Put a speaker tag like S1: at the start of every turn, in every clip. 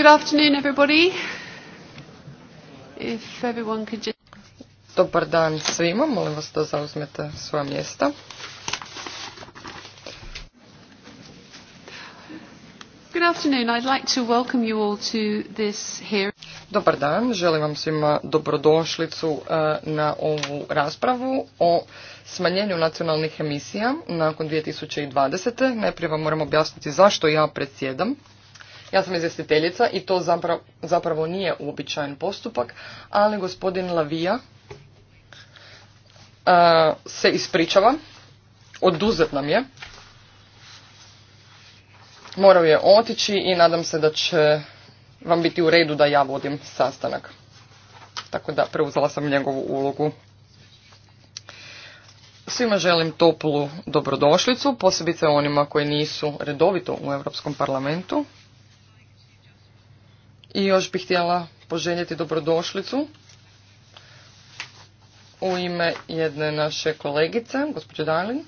S1: Good afternoon, everybody. If everyone could just... Dobar dan svima, molim vas da zauzmete svoja mjesta. Good afternoon, I'd like to welcome you all to this Dobar dan, želim vam svima dobrodošlicu e, na ovu raspravu o smanjenju nacionalnih emisija nakon 2020. Najprije vam moram objasniti zašto ja predsjedam ja sam izvjestiteljica i to zapravo, nije uobičajen postupak, ali gospodin Lavija e, se ispričava, oduzet nam je, morao je otići i nadam se da će vam biti u redu da ja vodim sastanak. Tako da preuzela sam njegovu ulogu. Svima želim toplu dobrodošlicu, posebice onima koji nisu redovito u Europskom parlamentu. I još bih htjela poželjeti dobrodošlicu u ime jedne naše kolegice, gospođe Dalin.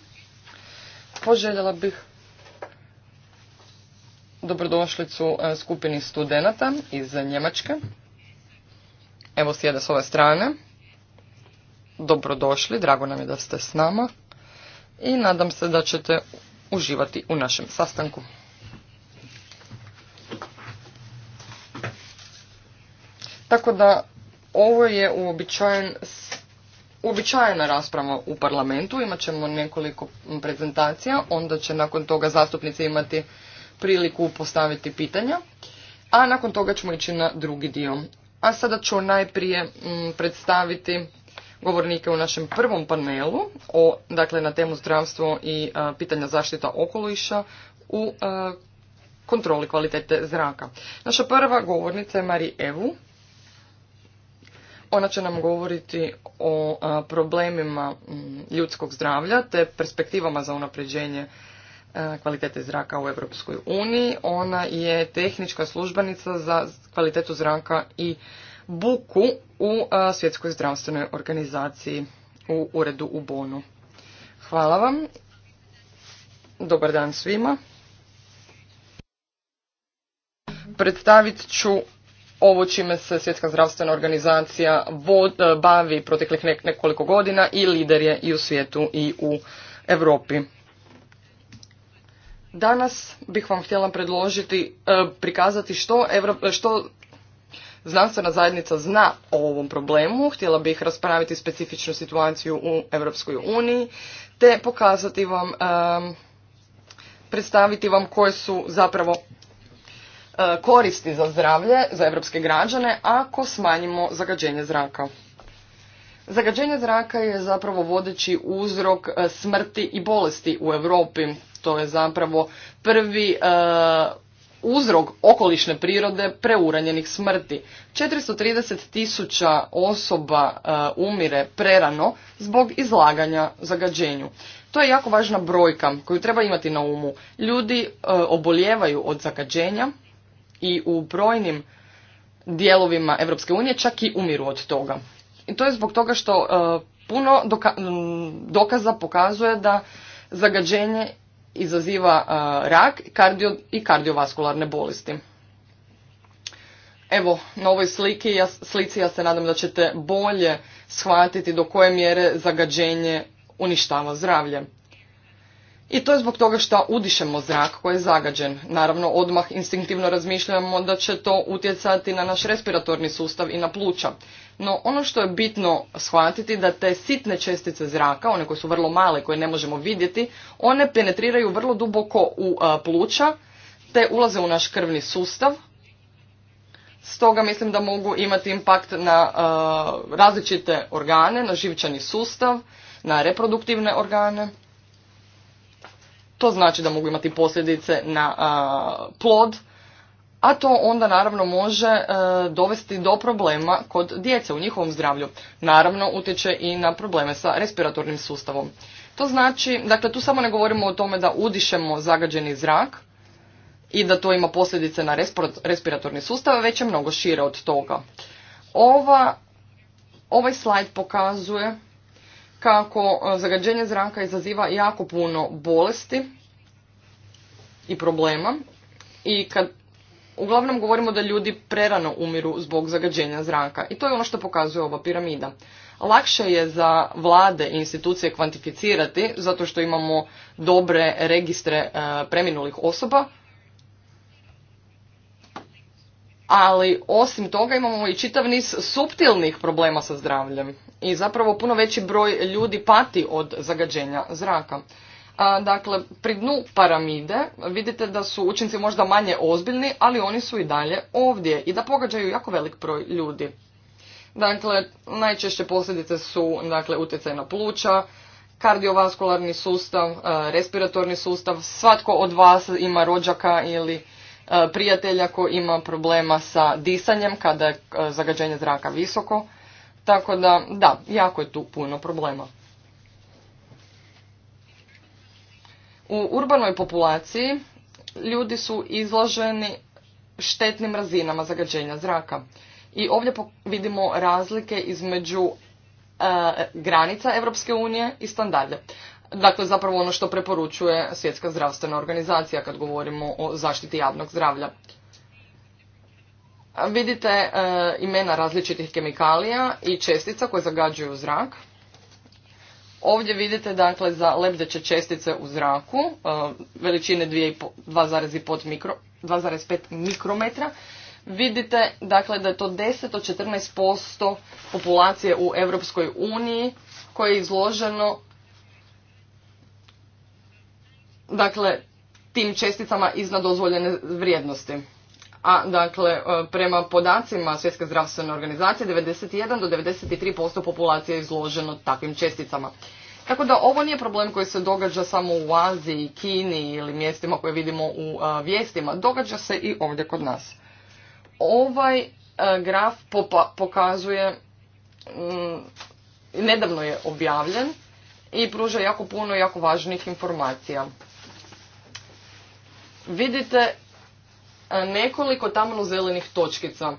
S1: Poželjela bih dobrodošlicu e, skupini studenata iz Njemačke. Evo sjede s ove strane. Dobrodošli, drago nam je da ste s nama i nadam se da ćete uživati u našem sastanku. Tako da ovo je uobičajen, uobičajena rasprava u parlamentu. Imat ćemo nekoliko prezentacija, onda će nakon toga zastupnici imati priliku postaviti pitanja, a nakon toga ćemo ići na drugi dio. A sada ću najprije mm, predstaviti govornike u našem prvom panelu, o, dakle na temu zdravstvo i e, pitanja zaštita okoliša u e, kontroli kvalitete zraka. Naša prva govornica je Mari Evu, ona će nam govoriti o problemima mm, ljudskog zdravlja te perspektivama za unapređenje kvalitete zraka u Europskoj uniji. Ona je tehnička službenica za kvalitetu zraka i buku u Svjetskoj zdravstvenoj organizaciji u uredu u Bonu. Hvala vam. Dobar dan svima. Predstavit ću ovo čime se Svjetska zdravstvena organizacija e, bavi proteklih nekoliko godina i lider je i u svijetu i u Europi. Danas bih vam htjela predložiti, e, prikazati što, što znanstvena zajednica zna o ovom problemu. Htjela bih raspraviti specifičnu situaciju u Europskoj uniji te pokazati vam, e, predstaviti vam koje su zapravo E, koristi za zdravlje, za evropske građane, ako smanjimo zagađenje zraka. Zagađenje zraka je zapravo vodeći uzrok e, smrti i bolesti u Europi. To je zapravo prvi e, uzrok okolišne prirode preuranjenih smrti. 430 tisuća osoba umire prerano zbog izlaganja zagađenju. To je jako važna brojka koju treba imati na umu. Ljudi oboljevaju od zagađenja, i u brojnim dijelovima Europske unije čak i umiru od toga. I to je zbog toga što e, puno mm, dokaza pokazuje da zagađenje izaziva e, rak kardio i kardiovaskularne bolesti. Evo, na ovoj sliki, slici ja se nadam da ćete bolje shvatiti do koje mjere zagađenje uništava zdravlje. I to je zbog toga što udišemo zrak koji je zagađen. Naravno, odmah instinktivno razmišljamo da će to utjecati na naš respiratorni sustav i na pluća. No, ono što je bitno shvatiti da te sitne čestice zraka, one koje su vrlo male, koje ne možemo vidjeti, one penetriraju vrlo duboko u pluća, te ulaze u naš krvni sustav. Stoga mislim da mogu imati impakt na različite organe, na živčani sustav, na reproduktivne organe to znači da mogu imati posljedice na plod, a to onda naravno može e, dovesti do problema kod djece u njihovom zdravlju. Naravno utječe i na probleme sa respiratornim sustavom. To znači, dakle tu samo ne govorimo o tome da udišemo zagađeni zrak i da to ima posljedice na respiratorni sustav, već je mnogo šire od toga. Ova, ovaj slajd pokazuje kako e, zagađenje zraka izaziva jako puno bolesti i problema i kad uglavnom govorimo da ljudi prerano umiru zbog zagađenja zraka i to je ono što pokazuje ova piramida. Lakše je za vlade i institucije kvantificirati zato što imamo dobre registre e, preminulih osoba, ali osim toga imamo i čitav niz suptilnih problema sa zdravljem i zapravo puno veći broj ljudi pati od zagađenja zraka. dakle, pri dnu paramide vidite da su učinci možda manje ozbiljni, ali oni su i dalje ovdje i da pogađaju jako velik broj ljudi. Dakle, najčešće posljedice su dakle, utjecaj na pluća, kardiovaskularni sustav, e, respiratorni sustav. Svatko od vas ima rođaka ili e, prijatelja koji ima problema sa disanjem kada je e, zagađenje zraka visoko. Tako da, da, jako je tu puno problema. U urbanoj populaciji ljudi su izloženi štetnim razinama zagađenja zraka. I ovdje vidimo razlike između e, granica Europske unije i standarde. Dakle, zapravo ono što preporučuje Svjetska zdravstvena organizacija kad govorimo o zaštiti javnog zdravlja. Vidite e, imena različitih kemikalija i čestica koje zagađuju zrak. Ovdje vidite dakle za lebdeće čestice u zraku, e, veličine 2,5 mikrometra. Vidite dakle da je to 10 do 14% populacije u Europskoj uniji koje je izloženo dakle tim česticama iznad dozvoljene vrijednosti a dakle e, prema podacima Svjetske zdravstvene organizacije 91 do 93% populacije je izloženo takvim česticama. Tako da ovo nije problem koji se događa samo u Aziji, Kini ili mjestima koje vidimo u e, vijestima, događa se i ovdje kod nas. Ovaj e, graf pokazuje mm, nedavno je objavljen i pruža jako puno jako važnih informacija. Vidite nekoliko tamno zelenih točkica.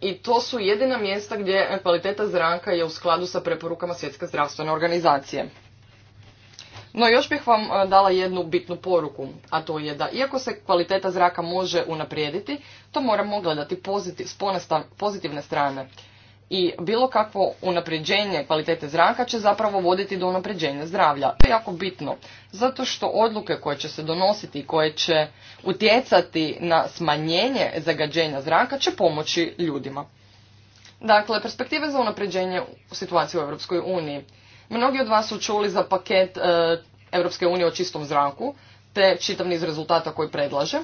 S1: I to su jedina mjesta gdje kvaliteta zraka je u skladu sa preporukama Svjetske zdravstvene organizacije. No još bih vam dala jednu bitnu poruku, a to je da iako se kvaliteta zraka može unaprijediti, to moramo gledati s pozitivne strane i bilo kakvo unapređenje kvalitete zraka će zapravo voditi do unapređenja zdravlja. To je jako bitno, zato što odluke koje će se donositi i koje će utjecati na smanjenje zagađenja zraka će pomoći ljudima. Dakle, perspektive za unapređenje situacije u Europskoj uniji. Mnogi od vas su čuli za paket e, Europske unije o čistom zraku, te čitav niz rezultata koji predlaže.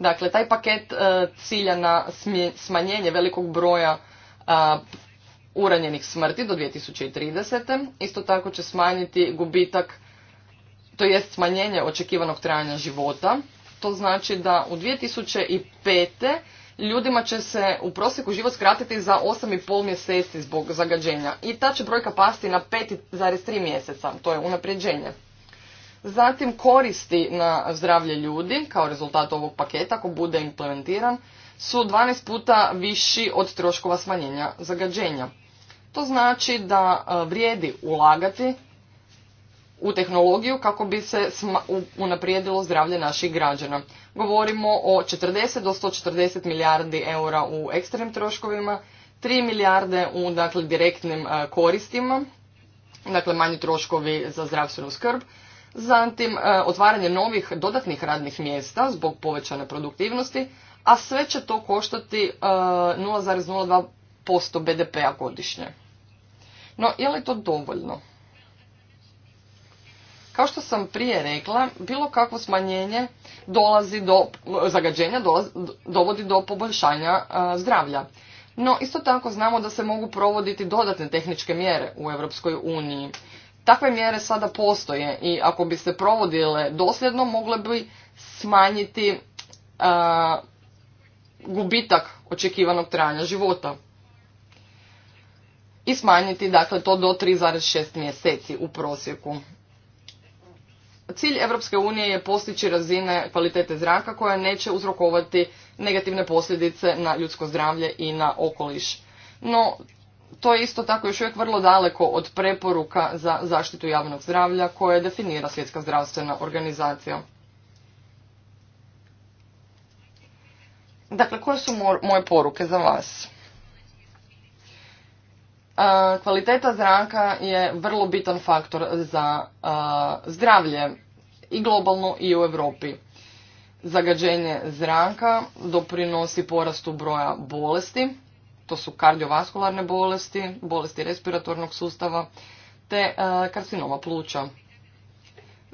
S1: Dakle, taj paket e, cilja na smanjenje velikog broja uranjenih smrti do 2030. Isto tako će smanjiti gubitak, to jest smanjenje očekivanog trajanja života. To znači da u 2005. ljudima će se u prosjeku život skratiti za 8,5 mjeseci zbog zagađenja. I ta će brojka pasti na 5,3 mjeseca. To je unapređenje zatim koristi na zdravlje ljudi kao rezultat ovog paketa ako bude implementiran su 12 puta viši od troškova smanjenja zagađenja. To znači da e, vrijedi ulagati u tehnologiju kako bi se unaprijedilo zdravlje naših građana. Govorimo o 40 do 140 milijardi eura u ekstremnim troškovima, 3 milijarde u dakle, direktnim e, koristima, dakle manji troškovi za zdravstvenu skrb, zatim e, otvaranje novih dodatnih radnih mjesta zbog povećane produktivnosti, a sve će to koštati 0,02% e, BDP-a godišnje. No, je li to dovoljno? Kao što sam prije rekla, bilo kakvo smanjenje dolazi do zagađenja, dovodi do poboljšanja e, zdravlja. No, isto tako znamo da se mogu provoditi dodatne tehničke mjere u Europskoj uniji Takve mjere sada postoje i ako bi se provodile dosljedno mogle bi smanjiti gubitak očekivanog trajanja života i smanjiti dakle to do 3,6 mjeseci u prosjeku. Cilj Europske unije je postići razine kvalitete zraka koja neće uzrokovati negativne posljedice na ljudsko zdravlje i na okoliš. No, to je isto tako još uvijek vrlo daleko od preporuka za zaštitu javnog zdravlja koje definira Svjetska zdravstvena organizacija. Dakle, koje su moje poruke za vas? Kvaliteta zraka je vrlo bitan faktor za zdravlje i globalno i u Europi. Zagađenje zraka doprinosi porastu broja bolesti, to su kardiovaskularne bolesti, bolesti respiratornog sustava te e, karcinoma pluća.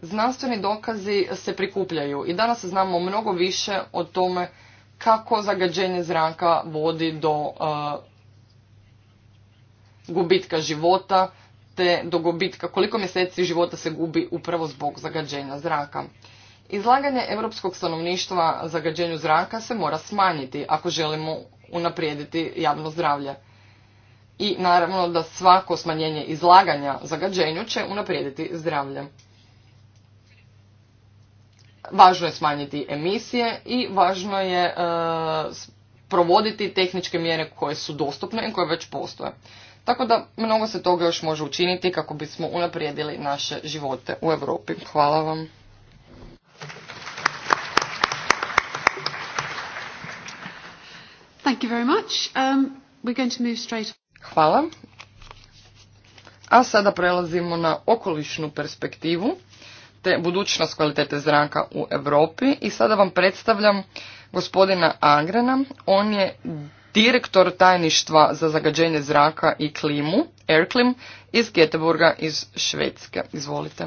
S1: Znanstveni dokazi se prikupljaju i danas znamo mnogo više o tome kako zagađenje zraka vodi do e, gubitka života te do gubitka koliko mjeseci života se gubi upravo zbog zagađenja zraka. Izlaganje europskog stanovništva zagađenju zraka se mora smanjiti ako želimo unaprijediti javno zdravlje. I naravno da svako smanjenje izlaganja zagađenju će unaprijediti zdravlje. Važno je smanjiti emisije i važno je e, provoditi tehničke mjere koje su dostupne i koje već postoje. Tako da mnogo se toga još može učiniti kako bismo unaprijedili naše živote u Europi. Hvala vam. Thank um, Hvala. A sada prelazimo na okolišnu perspektivu te budućnost kvalitete zraka u Europi i sada vam predstavljam gospodina Agrena. On je direktor tajništva za zagađenje zraka i klimu, Airclim, iz Göteborga iz Švedske. Izvolite.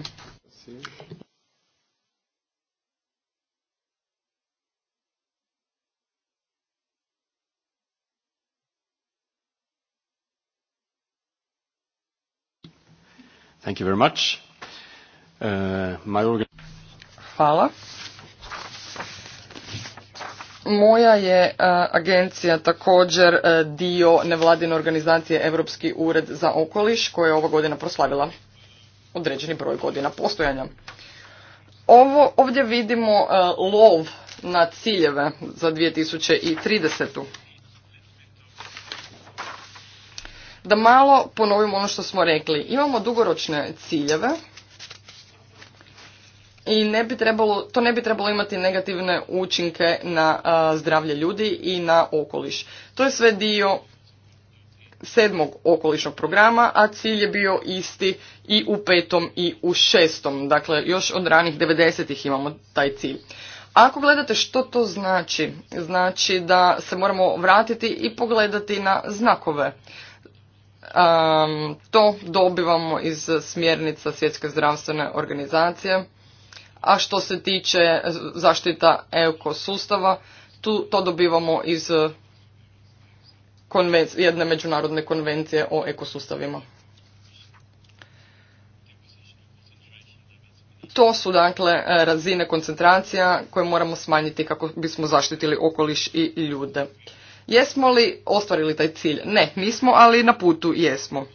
S1: Uh, Hvala. Moja je uh, agencija također uh, dio nevladine organizacije Europski ured za okoliš koja je ova godina proslavila određeni broj godina postojanja. ovdje vidimo lov na ciljeve za 2030. Da malo ponovimo ono što smo rekli. Imamo dugoročne ciljeve i ne bi trebalo, to ne bi trebalo imati negativne učinke na zdravlje ljudi i na okoliš. To je sve dio sedmog okolišnog programa, a cilj je bio isti i u petom i u šestom. Dakle, još od ranih 90-ih imamo taj cilj. Ako gledate što to znači, znači da se moramo vratiti i pogledati na znakove to dobivamo iz smjernica Svjetske zdravstvene organizacije. A što se tiče zaštita ekosustava, tu to dobivamo iz jedne međunarodne konvencije o ekosustavima. To su dakle razine koncentracija koje moramo smanjiti kako bismo zaštitili okoliš i ljude. Jesmo li ostvarili taj cilj? Ne, nismo, ali na putu jesmo.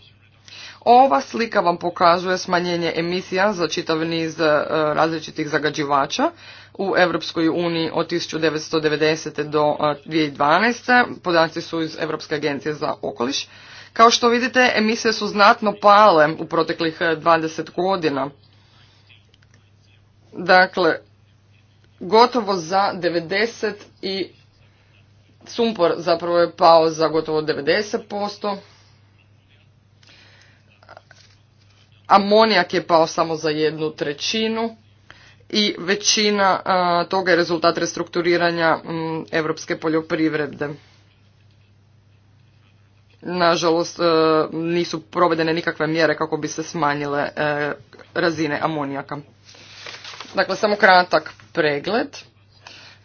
S1: Ova slika vam pokazuje smanjenje emisija za čitav niz e, različitih zagađivača u Europskoj uniji od 1990. do 2012. E, Podaci su iz Europske agencije za okoliš. Kao što vidite, emisije su znatno pale u proteklih 20 e, godina. Dakle, gotovo za 90 i Sumpor zapravo je pao za gotovo 90%. Amonijak je pao samo za jednu trećinu i većina toga je rezultat restrukturiranja europske mm, evropske poljoprivrede. Nažalost, e, nisu provedene nikakve mjere kako bi se smanjile e, razine amonijaka. Dakle, samo kratak pregled.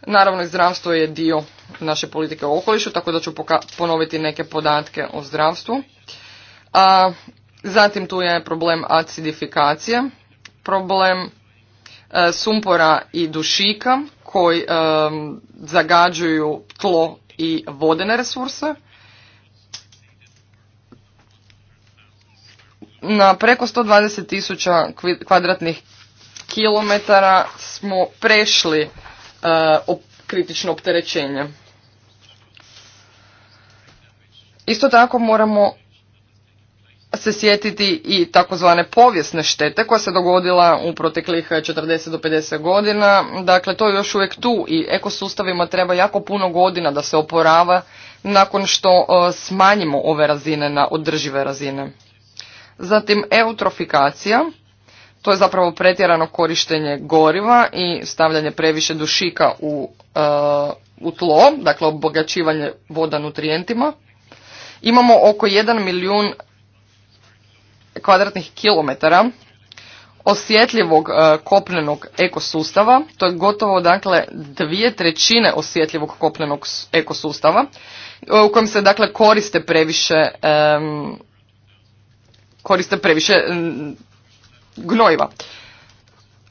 S1: Naravno zdravstvo je dio naše politike u okolišu, tako da ću ponoviti neke podatke o zdravstvu. A, zatim tu je problem acidifikacije, problem e, sumpora i dušika koji e, zagađuju tlo i vodene resurse. Na preko 120 tisuća kvadratnih kilometara smo prešli Eh, kritično opterećenje. Isto tako moramo se sjetiti i takozvane povijesne štete koja se dogodila u proteklih 40 eh, do 50 godina. Dakle, to je još uvijek tu i ekosustavima treba jako puno godina da se oporava nakon što eh, smanjimo ove razine na održive razine. Zatim eutrofikacija to je zapravo pretjerano korištenje goriva i stavljanje previše dušika u, e, u tlo, dakle obogaćivanje voda nutrijentima. Imamo oko 1 milijun kvadratnih kilometara osjetljivog e, kopnenog ekosustava, to je gotovo dakle dvije trećine osjetljivog kopnenog ekosustava e, u kojem se dakle koriste previše koriste previše gnojiva,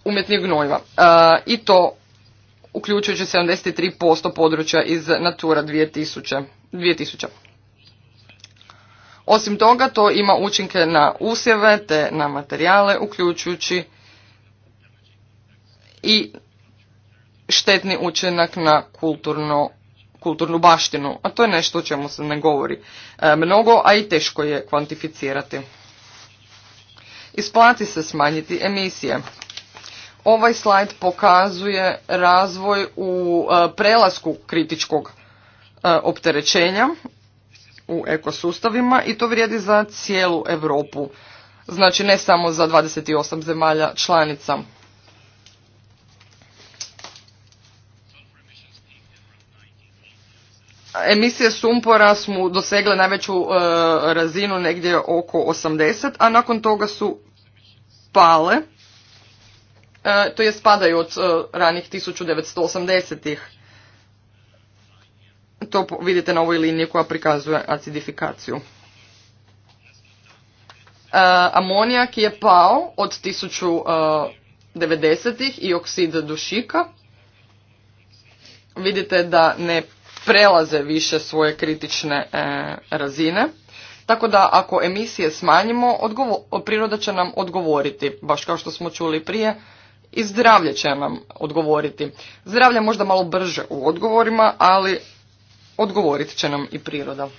S1: umjetnih gnojiva. E, I to uključujući 73% područja iz Natura 2000. 2000. Osim toga, to ima učinke na usjeve te na materijale, uključujući i štetni učinak na kulturno, kulturnu baštinu, a to je nešto o čemu se ne govori e, mnogo, a i teško je kvantificirati. Isplati se smanjiti emisije. Ovaj slajd pokazuje razvoj u e, prelasku kritičkog e, opterećenja u ekosustavima i to vrijedi za cijelu Europu. Znači ne samo za 28 zemalja članica. Emisije sumpora smo dosegle najveću e, razinu negdje oko 80, a nakon toga su pale, e, to je spadaju od e, ranih 1980-ih. To vidite na ovoj liniji koja prikazuje acidifikaciju. Amonijak je pao od 1990-ih i oksid dušika. Vidite da ne prelaze više svoje kritične e, razine. Tako da ako emisije smanjimo, priroda će nam odgovoriti, baš kao što smo čuli prije, i zdravlje će nam odgovoriti. Zdravlje možda malo brže u odgovorima, ali odgovorit će nam i priroda.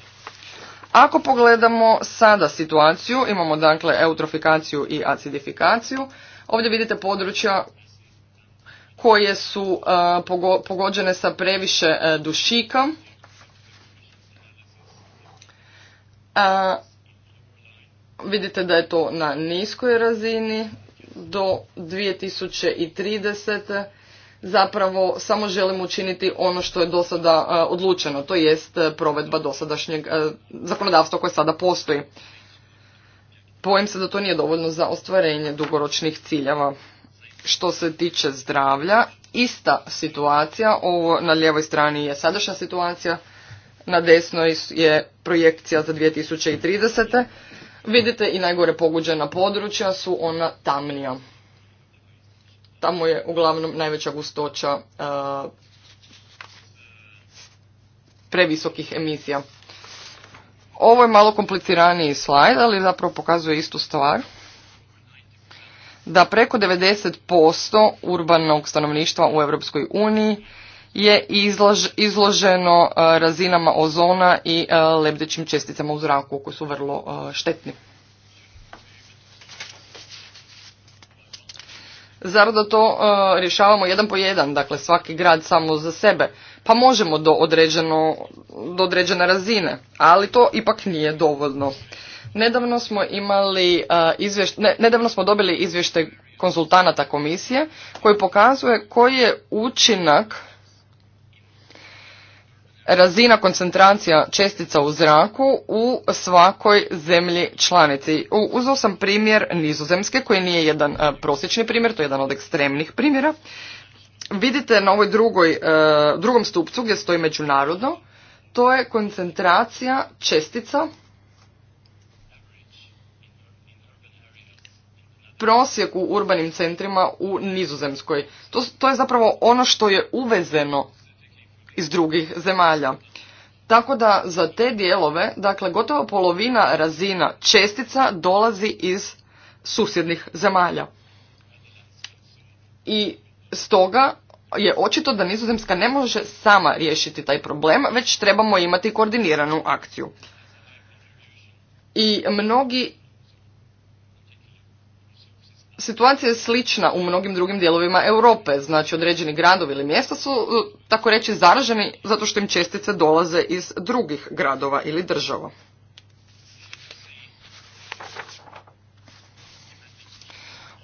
S1: Ako pogledamo sada situaciju, imamo dakle eutrofikaciju i acidifikaciju. Ovdje vidite područja koje su e, pogođene sa previše e, dušika. vidite da je to na niskoj razini do 2030. Zapravo samo želimo učiniti ono što je do sada e, odlučeno, to jest provedba dosadašnjeg zakonodavstva koje sada postoji. Pojem se da to nije dovoljno za ostvarenje dugoročnih ciljeva što se tiče zdravlja, ista situacija, ovo na lijevoj strani je sadašnja situacija, na desnoj je projekcija za 2030. Vidite i najgore poguđena područja su ona tamnija. Tamo je uglavnom najveća gustoća e, previsokih emisija. Ovo je malo kompliciraniji slajd, ali zapravo pokazuje istu stvar da preko 90% urbanog stanovništva u Europskoj uniji je izloženo e, razinama ozona i e, lebdećim česticama u zraku koji su vrlo e, štetni. Zar da to rješavamo jedan po jedan, dakle svaki grad samo za sebe? Pa možemo do, određeno, do određene razine, ali to ipak nije dovoljno. Nedavno smo imali izvješt, nedavno smo dobili izvještaj konzultanata komisije koji pokazuje koji je učinak razina koncentracija čestica u zraku u svakoj zemlji članici. Uzeo sam primjer nizozemske koji nije jedan prosječni primjer, to je jedan od ekstremnih primjera. Vidite na ovoj drugoj, drugom stupcu gdje stoji međunarodno, to je koncentracija čestica prosjek u urbanim centrima u Nizozemskoj. To, to je zapravo ono što je uvezeno iz drugih zemalja. Tako da za te dijelove, dakle gotovo polovina razina čestica dolazi iz susjednih zemalja. I stoga je očito da Nizozemska ne može sama riješiti taj problem, već trebamo imati koordiniranu akciju. I mnogi situacija je slična u mnogim drugim dijelovima Europe. Znači određeni gradovi ili mjesta su e, tako reći zaraženi zato što im čestice dolaze iz drugih gradova ili država.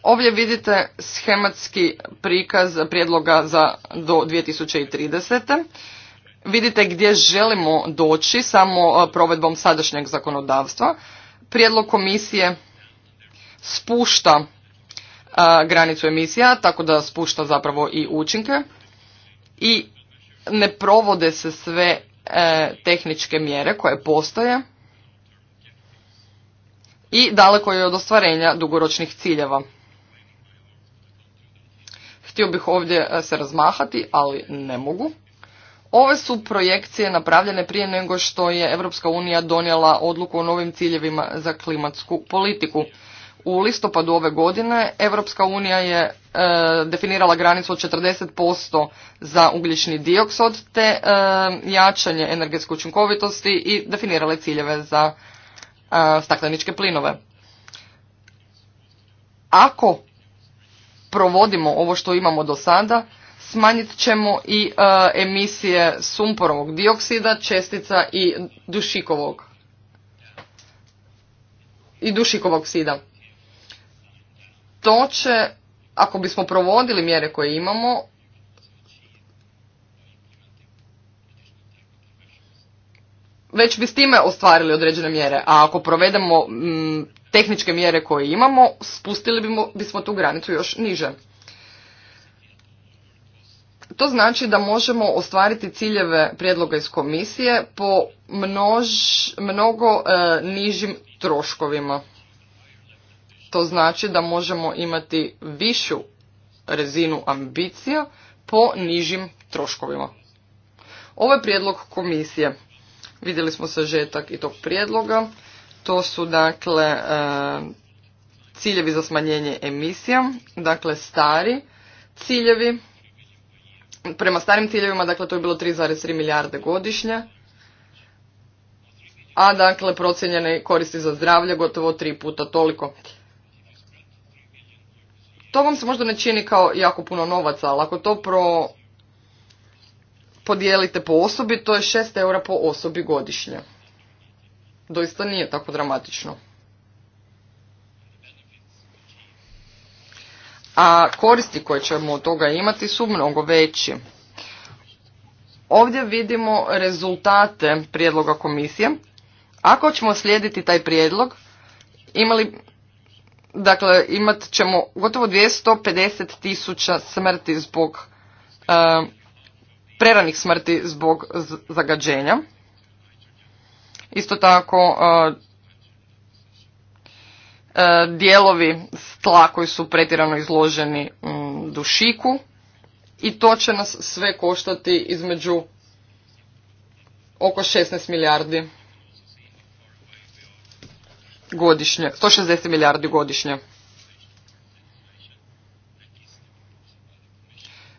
S1: Ovdje vidite schematski prikaz prijedloga za do 2030. Vidite gdje želimo doći samo e, provedbom sadašnjeg zakonodavstva. Prijedlog komisije spušta granicu emisija, tako da spušta zapravo i učinke i ne provode se sve e, tehničke mjere koje postoje i daleko je od ostvarenja dugoročnih ciljeva. Htio bih ovdje e, se razmahati, ali ne mogu. Ove su projekcije napravljene prije nego što je Europska unija donijela odluku o novim ciljevima za klimatsku politiku u listopadu ove godine Europska unija je e, definirala granicu od 40% za ugljični dioksod, te e, jačanje energetske učinkovitosti i definirale ciljeve za e, stakleničke plinove. Ako provodimo ovo što imamo do sada, smanjit ćemo i e, emisije sumporovog dioksida, čestica i dušikovog i dušikovog oksida to će, ako bismo provodili mjere koje imamo, već bi s time ostvarili određene mjere, a ako provedemo mm, tehničke mjere koje imamo, spustili bismo tu granicu još niže. To znači da možemo ostvariti ciljeve prijedloga iz komisije po mnogo e, nižim troškovima. To znači da možemo imati višu rezinu ambicija po nižim troškovima. Ovo je prijedlog komisije. Vidjeli smo sažetak i tog prijedloga. To su dakle e, ciljevi za smanjenje emisija, dakle stari ciljevi. Prema starim ciljevima, dakle to je bilo 3,3 milijarde godišnje, a dakle procijenjene koristi za zdravlje gotovo tri puta toliko. To se možda ne čini kao jako puno novaca, ali ako to pro... podijelite po osobi, to je 6 eura po osobi godišnje. Doista nije tako dramatično. A koristi koje ćemo od toga imati su mnogo veći. Ovdje vidimo rezultate prijedloga komisije. Ako ćemo slijediti taj prijedlog, imali Dakle, imat ćemo gotovo 250 tisuća smrti zbog eh, preranih smrti zbog zagađenja. Isto tako eh, eh, dijelovi tla koji su pretjerano izloženi mm, dušiku i to će nas sve koštati između oko 16 milijardi godišnje, 160 milijardi godišnje.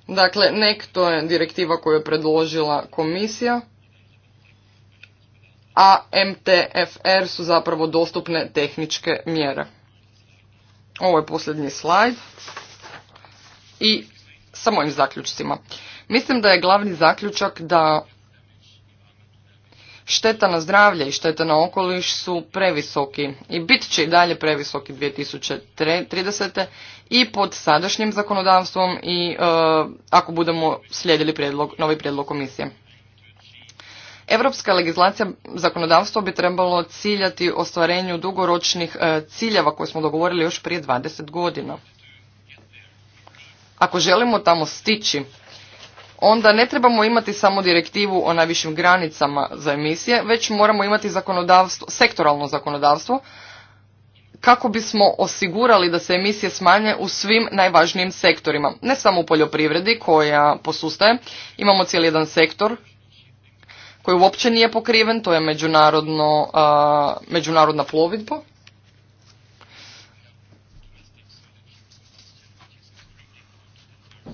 S1: Dakle, nek to je direktiva koju je predložila komisija, a MTFR su zapravo dostupne tehničke mjere. Ovo je posljednji slajd i sa mojim zaključcima. Mislim da je glavni zaključak da Šteta na zdravlje i šteta na okoliš su previsoki i bit će i dalje previsoki 2030. i pod sadašnjim zakonodavstvom i e, ako budemo slijedili novi prijedlog komisije. Europska legislacija zakonodavstvo bi trebalo ciljati ostvarenju dugoročnih e, ciljeva koje smo dogovorili još prije 20 godina. Ako želimo tamo stići, onda ne trebamo imati samo direktivu o najvišim granicama za emisije, već moramo imati zakonodavstvo, sektoralno zakonodavstvo kako bismo osigurali da se emisije smanje u svim najvažnijim sektorima. Ne samo u poljoprivredi koja posustaje, imamo cijeli jedan sektor koji uopće nije pokriven, to je međunarodno, međunarodna plovidba.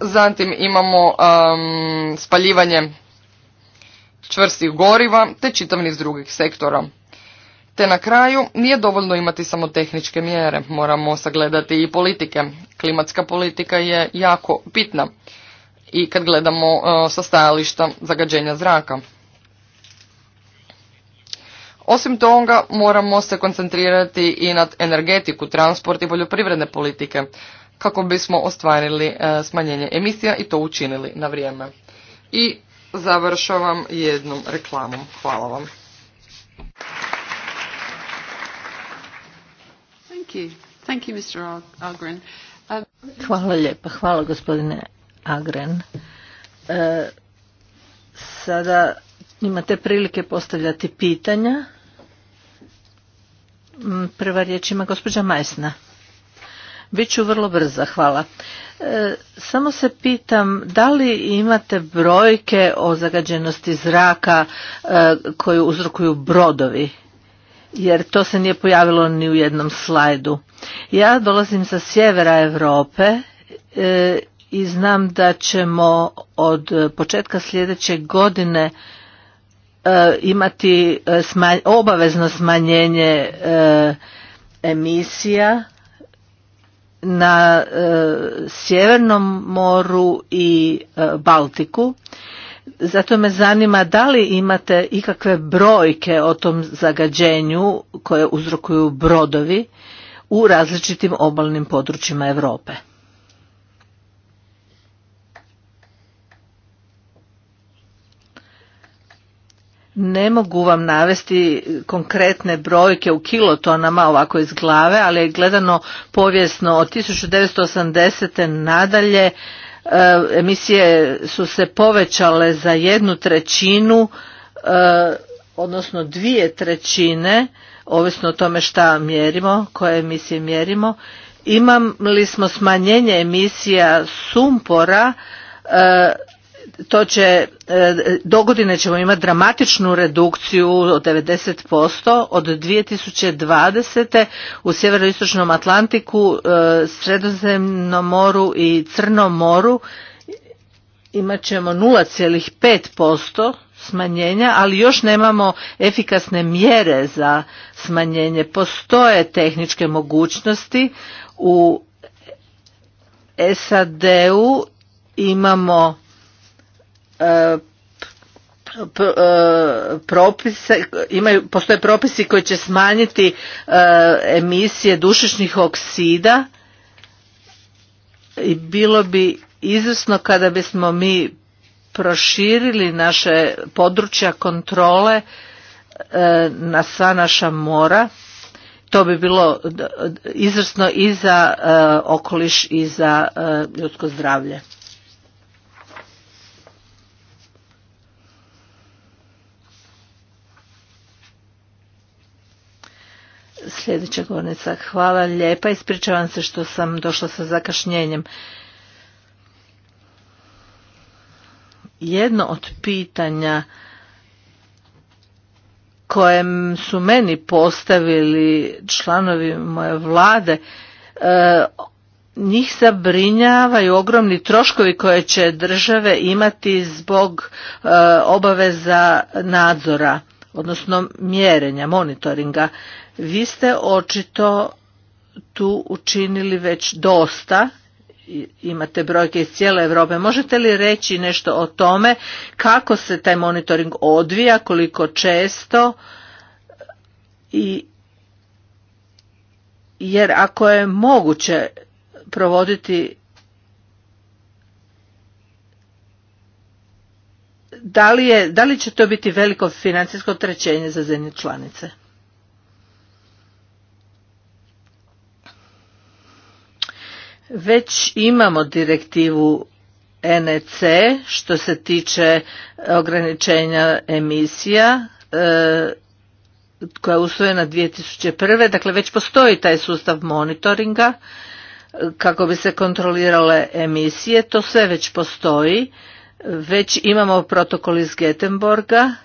S1: zatim imamo um, spaljivanje čvrstih goriva te čitav niz drugih sektora. Te na kraju nije dovoljno imati samo tehničke mjere, moramo sagledati i politike. Klimatska politika je jako bitna i kad gledamo uh, stajališta zagađenja zraka. Osim toga, moramo se koncentrirati i nad energetiku, transport i poljoprivredne politike kako bismo ostvarili e, smanjenje emisija i to učinili na vrijeme. I završavam jednom reklamom. Hvala vam. Agren. Um, Hvala
S2: lijepa. Hvala gospodine Agren. E, sada imate prilike postavljati pitanja. Mm, prva riječ ima gospođa Majsna. Bit ću vrlo brza, hvala. E, samo se pitam, da li imate brojke o zagađenosti zraka e, koju uzrokuju brodovi? Jer to se nije pojavilo ni u jednom slajdu. Ja dolazim sa sjevera Europe e, i znam da ćemo od početka sljedeće godine imati obavezno smanjenje emisija na e, Sjevernom moru i e, Baltiku. Zato me zanima da li imate ikakve brojke o tom zagađenju koje uzrokuju brodovi u različitim obalnim područjima Europe. Ne mogu vam navesti konkretne brojke u kilotonama ovako iz glave, ali je gledano povijesno od 1980. nadalje e, emisije su se povećale za jednu trećinu, e, odnosno dvije trećine, ovisno o tome šta mjerimo, koje emisije mjerimo. Imali li smo smanjenje emisija sumpora e, to će, e, dogodine ćemo imati dramatičnu redukciju od 90%, od 2020. u sjeveroistočnom Atlantiku, e, Sredozemnom moru i Crnom moru imat ćemo 0,5% smanjenja, ali još nemamo efikasne mjere za smanjenje. Postoje tehničke mogućnosti u SAD-u imamo E, e, propise, imaju, postoje propisi koji će smanjiti e, emisije dušičnih oksida i bilo bi izvrsno kada bismo mi proširili naše područja kontrole na sva naša mora. To bi bilo izvrsno i za okoliš i za ljudsko zdravlje. Sljedeća govornica, hvala lijepa. Ispričavam se što sam došla sa zakašnjenjem. Jedno od pitanja kojem su meni postavili članovi moje vlade, e, njih zabrinjavaju ogromni troškovi koje će države imati zbog e, obaveza nadzora odnosno mjerenja, monitoringa. Vi ste očito tu učinili već dosta, imate brojke iz cijele Europe. Možete li reći nešto o tome kako se taj monitoring odvija, koliko često i jer ako je moguće provoditi da li, je, da li će to biti veliko financijsko trećenje za zemlje članice? Već imamo direktivu NEC što se tiče ograničenja emisija e, koja je usvojena 2001. Dakle, već postoji taj sustav monitoringa e, kako bi se kontrolirale emisije. To sve već postoji. Već imamo protokol iz Getenborga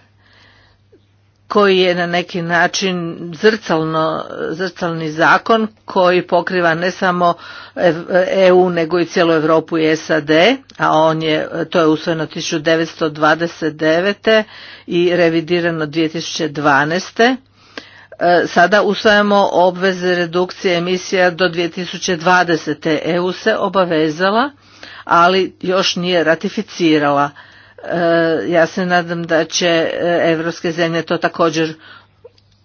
S2: koji je na neki način zrcalno, zrcalni zakon koji pokriva ne samo EU e nego i cijelu Europu i SAD, a on je, to je usvojeno 1929. i revidirano 2012. E, sada usvajamo obveze redukcije emisija do 2020. EU se obavezala, ali još nije ratificirala E, ja se nadam da će e, evropske zemlje to također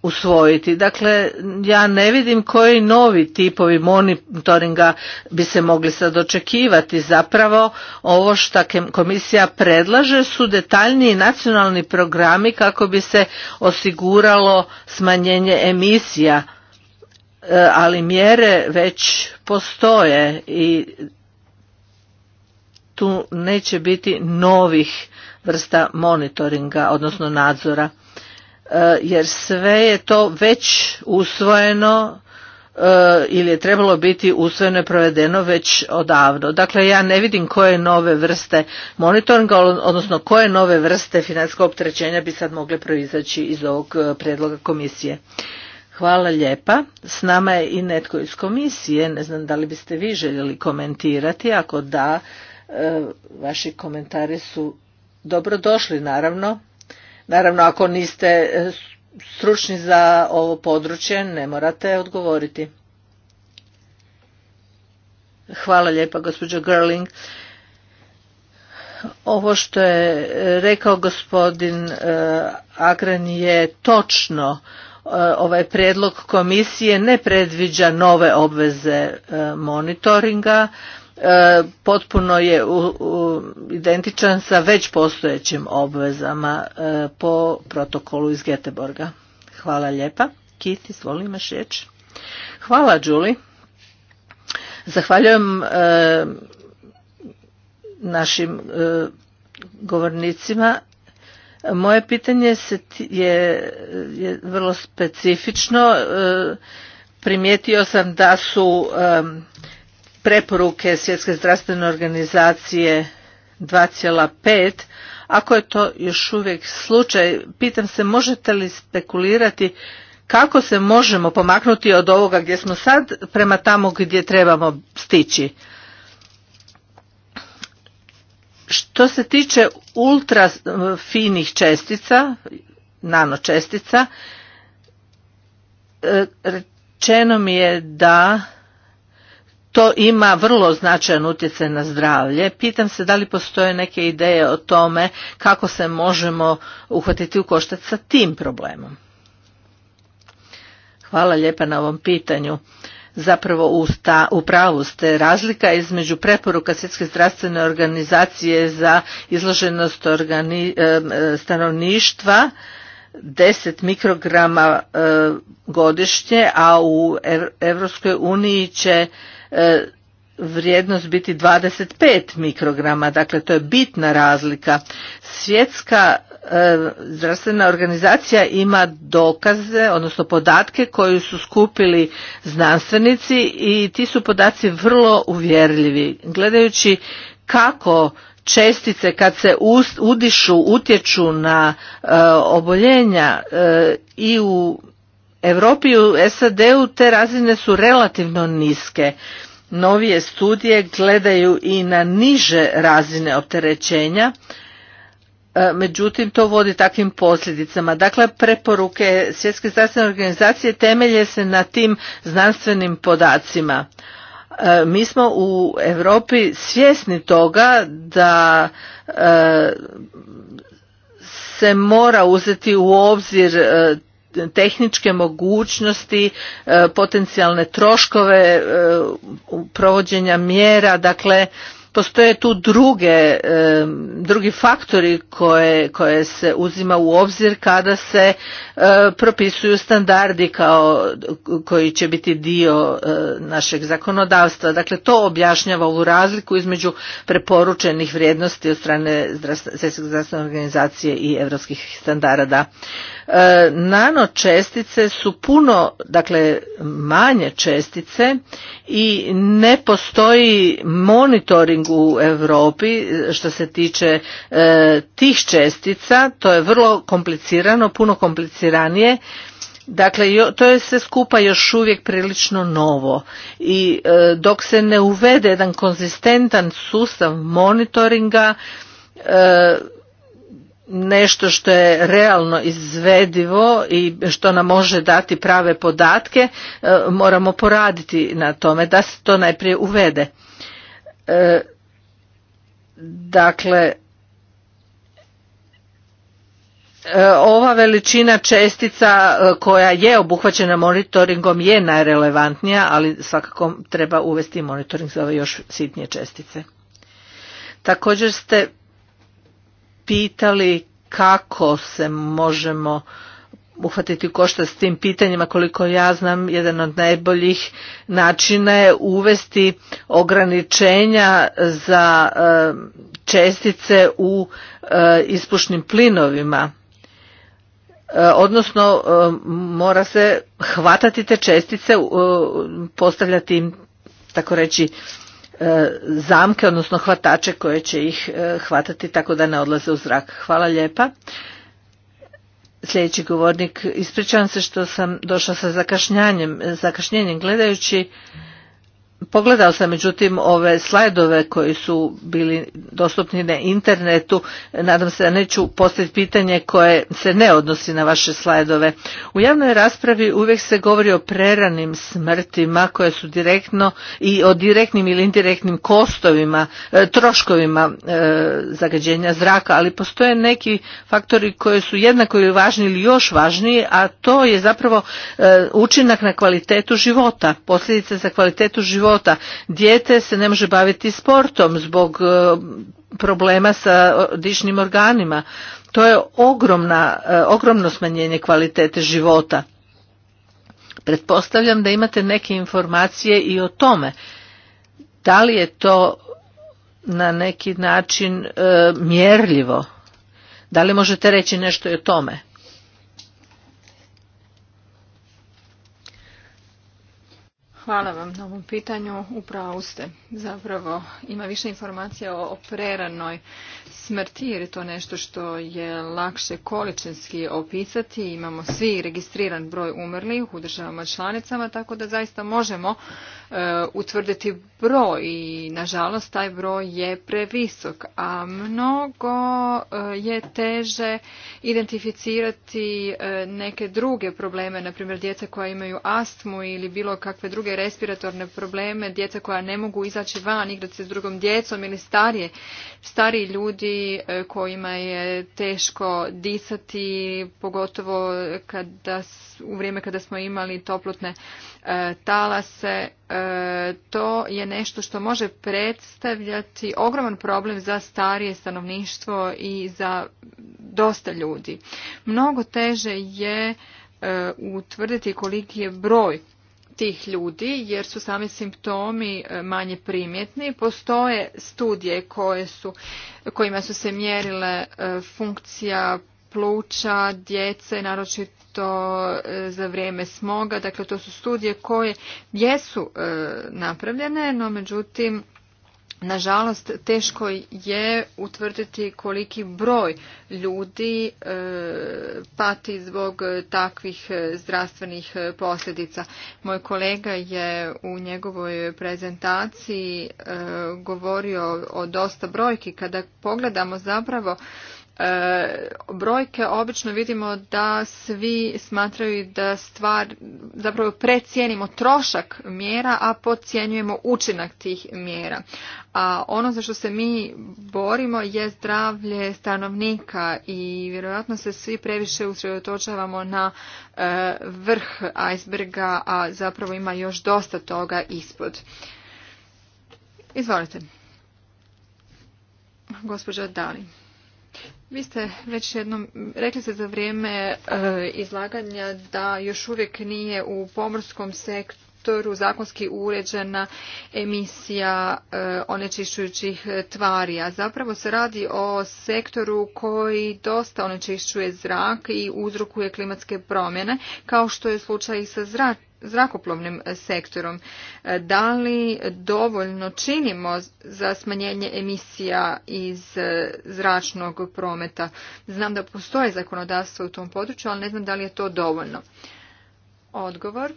S2: usvojiti. Dakle, ja ne vidim koji novi tipovi monitoringa bi se mogli sad očekivati. Zapravo, ovo što komisija predlaže su detaljniji nacionalni programi kako bi se osiguralo smanjenje emisija, e, ali mjere već postoje i tu neće biti novih vrsta monitoringa, odnosno nadzora, e, jer sve je to već usvojeno e, ili je trebalo biti usvojeno i provedeno već odavno. Dakle, ja ne vidim koje nove vrste monitoringa, odnosno koje nove vrste financijskog opterećenja bi sad mogle proizaći iz ovog e, predloga komisije. Hvala lijepa. S nama je i netko iz komisije. Ne znam da li biste vi željeli komentirati. Ako da, Vaši komentari su dobrodošli, naravno. Naravno, ako niste e, stručni za ovo područje, ne morate odgovoriti. Hvala lijepa, gospođo Gerling. Ovo što je rekao gospodin e, Agren je točno. E, ovaj prijedlog komisije ne predviđa nove obveze monitoringa. E, potpuno je identičan sa već postojećim obvezama e, po protokolu iz Geteborga. Hvala lijepa. kiti izvoli imaš riječ. Hvala, Đuli. Zahvaljujem e, našim govornicima. Moje pitanje je, vrlo specifično. primijetio sam da su preporuke Svjetske zdravstvene organizacije 2,5, ako je to još uvijek slučaj, pitam se možete li spekulirati kako se možemo pomaknuti od ovoga gdje smo sad prema tamo gdje trebamo stići. Što se tiče ultra finih čestica, nanočestica, e, rečeno mi je da to ima vrlo značajan utjecaj na zdravlje. Pitam se da li postoje neke ideje o tome kako se možemo uhvatiti u koštac sa tim problemom. Hvala lijepa na ovom pitanju. Zapravo u, pravu ste razlika između preporuka Svjetske zdravstvene organizacije za izloženost e, e, stanovništva 10 mikrograma e, godišnje, a u Europskoj uniji će E, vrijednost biti 25 mikrograma, dakle to je bitna razlika. Svjetska e, zdravstvena organizacija ima dokaze, odnosno podatke koju su skupili znanstvenici i ti su podaci vrlo uvjerljivi. Gledajući kako čestice kad se udišu utječu na e, oboljenja i u Europi i u SAD-u te razine su relativno niske. Novije studije gledaju i na niže razine opterećenja, e, međutim to vodi takvim posljedicama. Dakle, preporuke Svjetske zdravstvene organizacije temelje se na tim znanstvenim podacima. E, mi smo u Europi svjesni toga da e, se mora uzeti u obzir tehničke mogućnosti, e, potencijalne troškove e, provođenja mjera, dakle postoje tu druge, e, drugi faktori koje, koje se uzima u obzir kada se propisuju standardi kao koji će biti dio našeg zakonodavstva. Dakle, to objašnjava ovu razliku između preporučenih vrijednosti od strane Svjetske zdravstvene organizacije i europskih standarda. E, čestice su puno dakle manje čestice i ne postoji monitoring u Europi što se tiče e, tih čestica to je vrlo komplicirano puno kompliciranije Dakle, to je sve skupa još uvijek prilično novo i e, dok se ne uvede jedan konzistentan sustav monitoringa, nešto što je realno izvedivo i što nam može dati prave podatke, e, moramo poraditi na tome da se to najprije uvede. E, dakle, e, ova veličina čestica koja je obuhvaćena monitoringom je najrelevantnija, ali svakako treba uvesti monitoring za ove još sitnije čestice. Također ste pitali kako se možemo uhvatiti košta s tim pitanjima koliko ja znam jedan od najboljih načina je uvesti ograničenja za e, čestice u e, ispušnim plinovima e, odnosno mora se hvatati te čestice postavljati im tako reći E, zamke, odnosno hvatače koje će ih e, hvatati tako da ne odlaze u zrak. Hvala lijepa. Sljedeći govornik, ispričavam se što sam došla sa zakašnjenjem gledajući Pogledao sam međutim ove slajdove koji su bili dostupni na internetu. Nadam se da neću postaviti pitanje koje se ne odnosi na vaše slajdove. U javnoj raspravi uvijek se govori o preranim smrtima koje su direktno i o direktnim ili indirektnim kostovima, e, troškovima e, zagađenja zraka, ali postoje neki faktori koji su jednako ili važni ili još važniji, a to je zapravo e, učinak na kvalitetu života, posljedice za kvalitetu života života. Dijete se ne može baviti sportom zbog e, problema sa e, dišnim organima. To je ogromna, e, ogromno smanjenje kvalitete života. Pretpostavljam da imate neke informacije i o tome. Da li je to na neki način mjerljivo? Da li možete reći nešto i o tome?
S3: Hvala vam na ovom pitanju. Upravo ste. Zapravo ima više informacija o preranoj smrti jer je to nešto što je lakše količinski opisati. Imamo svi registriran broj umrlih u državama članicama tako da zaista možemo E, utvrditi broj i nažalost taj broj je previsok, a mnogo e, je teže identificirati e, neke druge probleme, na primjer djeca koja imaju astmu ili bilo kakve druge respiratorne probleme, djeca koja ne mogu izaći van, igrati se s drugom djecom ili starije, stariji ljudi kojima je teško disati, pogotovo kada u vrijeme kada smo imali toplotne e, talase, e, to je nešto što može predstavljati ogroman problem za starije stanovništvo i za dosta ljudi. Mnogo teže je e, utvrditi koliki je broj tih ljudi jer su sami simptomi manje primjetni. Postoje studije koje su, kojima su se mjerile funkcija pluća, djece, naročito to e, za vrijeme smoga. Dakle, to su studije koje jesu e, napravljene, no međutim, nažalost, teško je utvrditi koliki broj ljudi e, pati zbog takvih zdravstvenih posljedica. Moj kolega je u njegovoj prezentaciji govorio o dosta brojki. Kada pogledamo zapravo E, brojke obično vidimo da svi smatraju da stvar zapravo precijenimo trošak mjera, a podcjenjujemo učinak tih mjera. A ono za što se mi borimo je zdravlje stanovnika i vjerojatno se svi previše usredotočavamo na e, vrh iceberga, a zapravo ima još dosta toga ispod. Izvolite. Gospođa Dali. Vi ste već jednom rekli se za vrijeme e, izlaganja da još uvijek nije u pomorskom sektoru zakonski uređena emisija e, onečišćujućih tvari, a zapravo se radi o sektoru koji dosta onečišćuje zrak i uzrokuje klimatske promjene, kao što je slučaj i sa zračnim zrakoplovnim sektorom. E, da li dovoljno činimo za smanjenje emisija iz e, zračnog prometa? Znam da postoje zakonodavstvo u tom području, ali ne znam da li je to dovoljno. Odgovor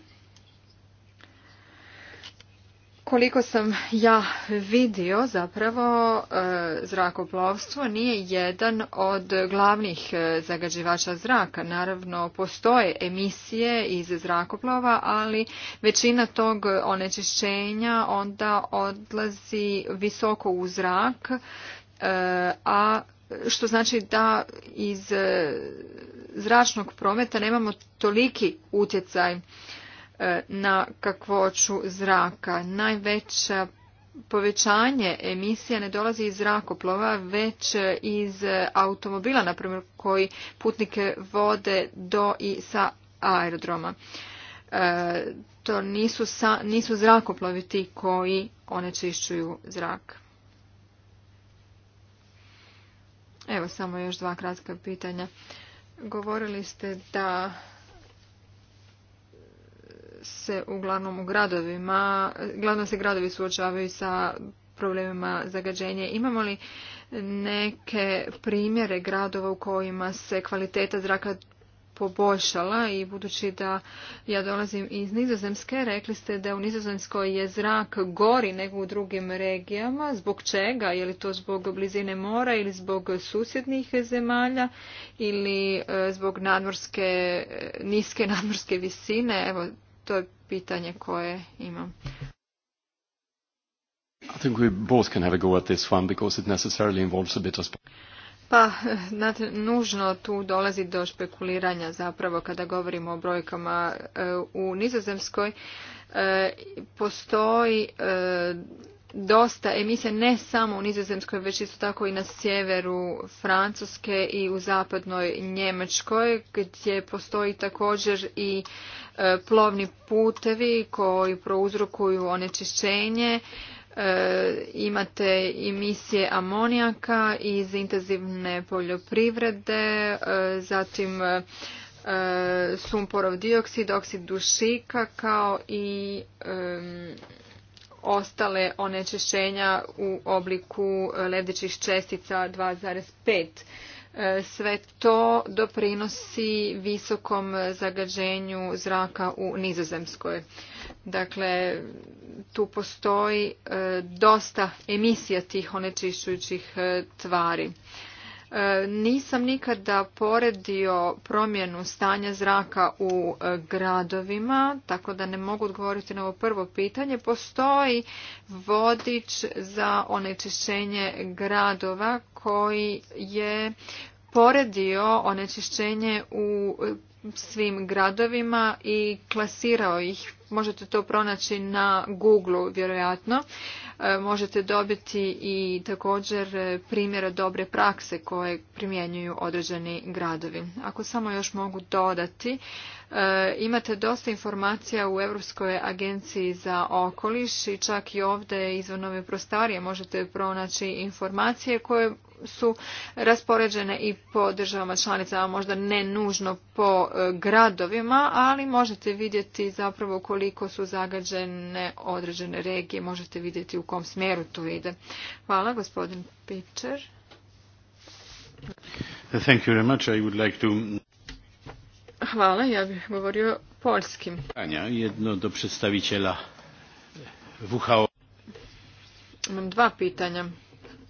S3: koliko sam ja vidio zapravo e, zrakoplovstvo nije jedan od glavnih e, zagađivača zraka naravno postoje emisije iz zrakoplova ali većina tog onečišćenja onda odlazi visoko u zrak e, a što znači da iz zračnog prometa nemamo toliki utjecaj E, na kakvoću zraka. Najveća povećanje emisija ne dolazi iz zrakoplova, već iz automobila, na koji putnike vode do i sa aerodroma. E, to nisu, nisu zrakoplovi ti koji onečišćuju zrak. Evo samo još dva kratka pitanja. Govorili ste da se uglavnom u gradovima, glavno se gradovi suočavaju sa problemima zagađenja. Imamo li neke primjere gradova u kojima se kvaliteta zraka poboljšala i budući da ja dolazim iz Nizozemske, rekli ste da u Nizozemskoj je zrak gori nego u drugim regijama. Zbog čega? Je li to zbog blizine mora ili zbog susjednih zemalja ili e, zbog nadmorske, niske nadmorske visine? Evo, to je pitanje koje imam.
S1: I think we both can have a go at this one because it necessarily involves a bit of
S3: pa, znate, nužno tu dolazi do špekuliranja zapravo kada govorimo o brojkama e, u Nizozemskoj. E, postoji e, dosta emisija ne samo u Nizozemskoj, već isto tako i na sjeveru Francuske i u zapadnoj Njemačkoj, gdje postoji također i e, plovni putevi koji prouzrokuju onečišćenje. E, imate emisije amonijaka iz intenzivne poljoprivrede, e, zatim sumporov dioksid, oksid dušika kao i ostale onečišćenja u obliku e, ledećih čestica 2,5. E, sve to doprinosi visokom zagađenju zraka u Nizozemskoj. Dakle, tu postoji e, dosta emisija tih onečišćujućih tvari. E, nisam nikada poredio promjenu stanja zraka u e, gradovima, tako da ne mogu odgovoriti na ovo prvo pitanje. Postoji vodič za onečišćenje gradova koji je poredio onečišćenje u e, svim gradovima i klasirao ih možete to pronaći na Google vjerojatno. E, možete dobiti i također e, primjere dobre prakse koje primjenjuju određeni gradovi. Ako samo još mogu dodati, e, imate dosta informacija u Europskoj agenciji za okoliš i čak i ovdje izvan ove prostarije možete pronaći informacije koje su raspoređene i po državama članicama, možda ne nužno po e, gradovima, ali možete vidjeti zapravo koliko su zagađene određene regije, možete vidjeti u kom smjeru to ide. Hvala, gospodin Pičer. Hvala, ja bih govorio polskim. Jedno do predstavitela WHO. Mam dva pitanja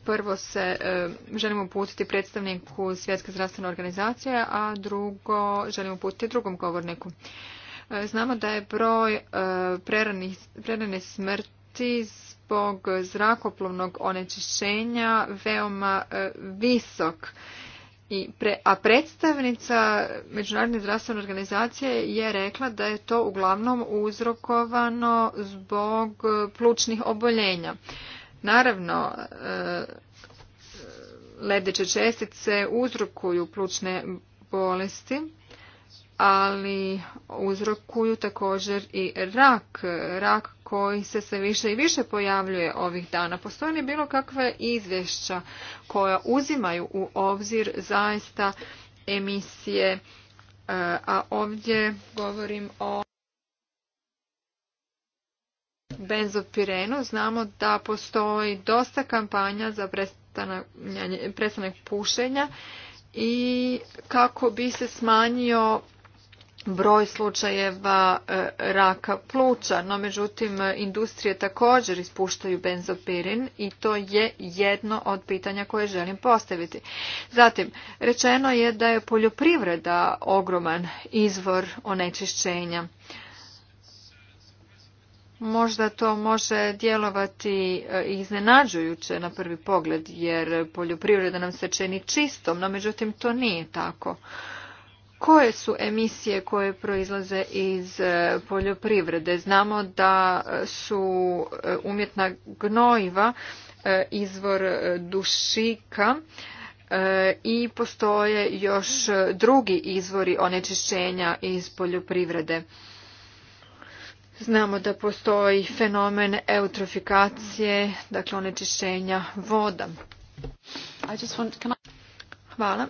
S3: prvo se e, želimo uputiti predstavniku Svjetske zdravstvene organizacije, a drugo želimo uputiti drugom govorniku. E, znamo da je broj e, prerane smrti zbog zrakoplovnog onečišćenja veoma visok. a predstavnica Međunarodne zdravstvene organizacije je rekla da je to uglavnom uzrokovano zbog plučnih oboljenja. Naravno, e, ledeće čestice uzrokuju plučne bolesti, ali uzrokuju također i rak, rak koji se sve više i više pojavljuje ovih dana. Postoje li bilo kakve izvješća koja uzimaju u obzir zaista emisije, e, a ovdje govorim o benzopirenu, znamo da postoji dosta kampanja za prestanak, pušenja i kako bi se smanjio broj slučajeva e, raka pluća, no međutim industrije također ispuštaju benzopirin i to je jedno od pitanja koje želim postaviti. Zatim, rečeno je da je poljoprivreda ogroman izvor onečišćenja. Možda to može djelovati e, iznenađujuće na prvi pogled, jer poljoprivreda nam se čini čistom, no međutim to nije tako. Koje su emisije koje proizlaze iz e, poljoprivrede? Znamo da e, su umjetna gnojiva izvor dušika i postoje još drugi izvori onečišćenja iz poljoprivrede. Znamo da postoji fenomen eutrofikacije, dakle onečišćenja voda. Hvala.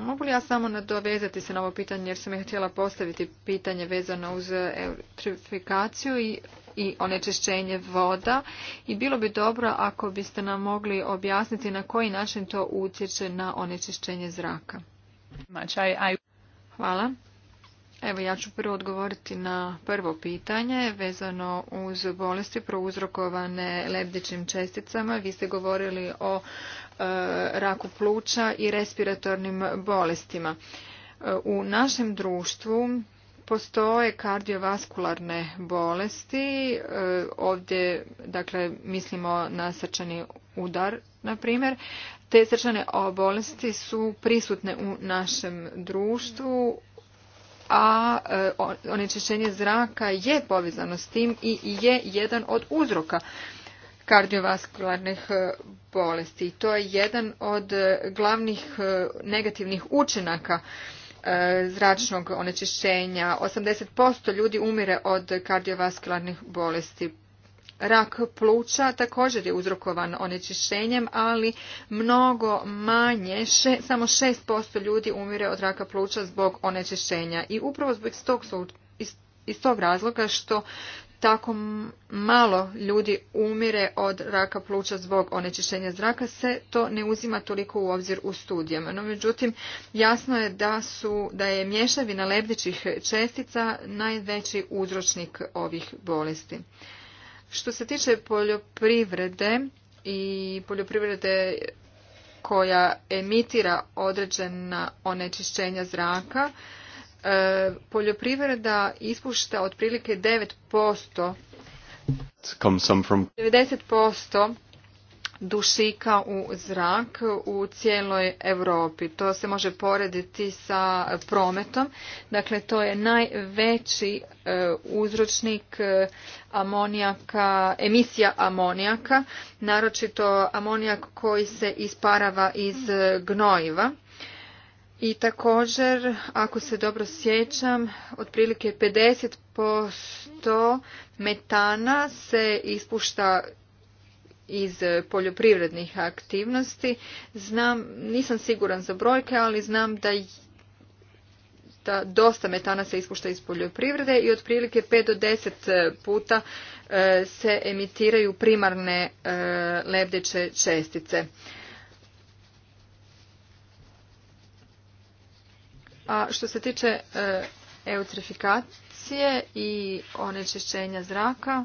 S3: Mogu li ja samo nadovezati se na ovo pitanje jer sam ja htjela postaviti pitanje vezano uz eutrofikaciju i, i onečišćenje voda i bilo bi dobro ako biste nam mogli objasniti na koji način to utječe na onečišćenje zraka. Hvala. Evo ja ću prvo odgovoriti na prvo pitanje vezano uz bolesti prouzrokovane lebdećim česticama. Vi ste govorili o e, raku pluća i respiratornim bolestima. E, u našem društvu postoje kardiovaskularne bolesti. E, ovdje dakle mislimo na srčani udar na primjer. Te srčane bolesti su prisutne u našem društvu a e, onečišćenje zraka je povezano s tim i je jedan od uzroka kardiovaskularnih e, bolesti. To je jedan od e, glavnih negativnih učinaka zračnog onečišćenja. 80% ljudi umire od kardiovaskularnih bolesti. Rak pluća također je uzrokovan onečišćenjem, ali mnogo manje, še, samo 6% ljudi umire od raka pluća zbog onečišćenja. I upravo zbog tog, iz, iz tog razloga što tako malo ljudi umire od raka pluća zbog onečišćenja zraka se to ne uzima toliko u obzir u studijama. No međutim, jasno je da, su, da je mješavina lebdećih čestica najveći uzročnik ovih bolesti. Što se tiče poljoprivrede i poljoprivrede koja emitira određena onečišćenja zraka, e, poljoprivreda ispušta otprilike 9%, 90% dušika u zrak u cijeloj Europi. To se može porediti sa prometom. Dakle, to je najveći e, uzročnik e, amonijaka, emisija amonijaka, naročito amonijak koji se isparava iz gnojiva. I također, ako se dobro sjećam, otprilike 50% metana se ispušta iz e, poljoprivrednih aktivnosti. Znam, nisam siguran za brojke, ali znam da da dosta metana se ispušta iz poljoprivrede i otprilike 5 do 10 e, puta e, se emitiraju primarne lebdeće čestice. A što se tiče eutrifikacije i onečišćenja zraka,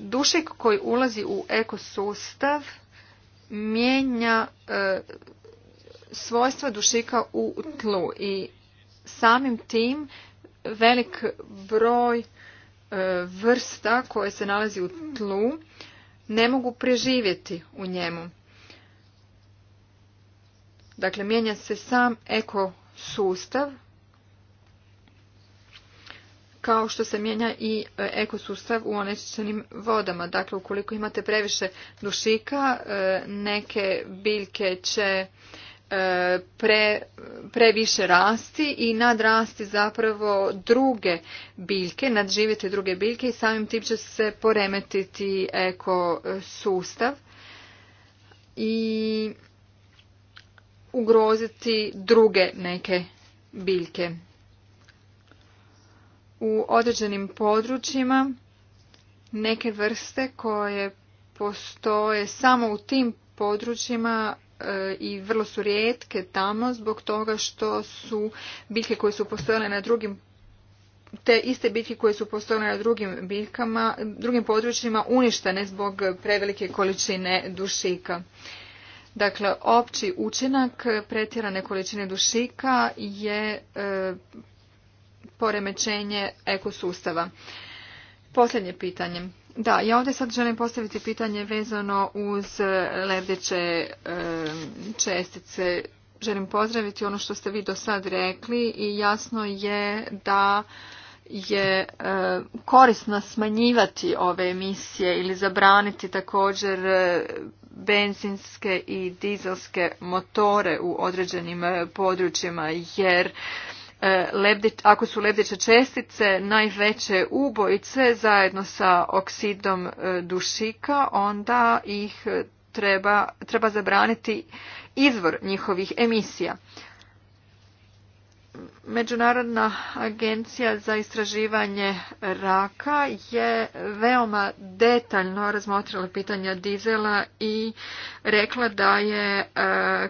S3: dušik koji ulazi u ekosustav mijenja e, svojstva dušika u tlu i samim tim velik broj e, vrsta koje se nalazi u tlu ne mogu preživjeti u njemu. Dakle, mijenja se sam ekosustav kao što se mijenja i e, ekosustav u onečišćenim vodama. Dakle, ukoliko imate previše dušika, e, neke biljke će e, pre, previše rasti i nadrasti zapravo druge biljke, nadživjeti druge biljke i samim tim će se poremetiti ekosustav i ugroziti druge neke biljke u određenim područjima neke vrste koje postoje samo u tim područjima e, i vrlo su rijetke tamo zbog toga što su biljke koje su postojale na drugim te iste biljke koje su postojale na drugim biljkama, drugim područjima uništene zbog prevelike količine dušika. Dakle, opći učinak pretjerane količine dušika je e, poremećenje ekosustava. Posljednje pitanje. Da, ja ovdje sad želim postaviti pitanje vezano uz lebdeće čestice. Želim pozdraviti ono što ste vi do sad rekli i jasno je da je korisno smanjivati ove emisije ili zabraniti također e, benzinske i dizelske motore u određenim e, područjima jer E, ako su lebdeće čestice najveće ubojice zajedno sa oksidom e, dušika, onda ih e, treba, treba zabraniti izvor njihovih emisija. Međunarodna agencija za istraživanje raka je veoma detaljno razmotrila pitanja dizela i rekla da je e,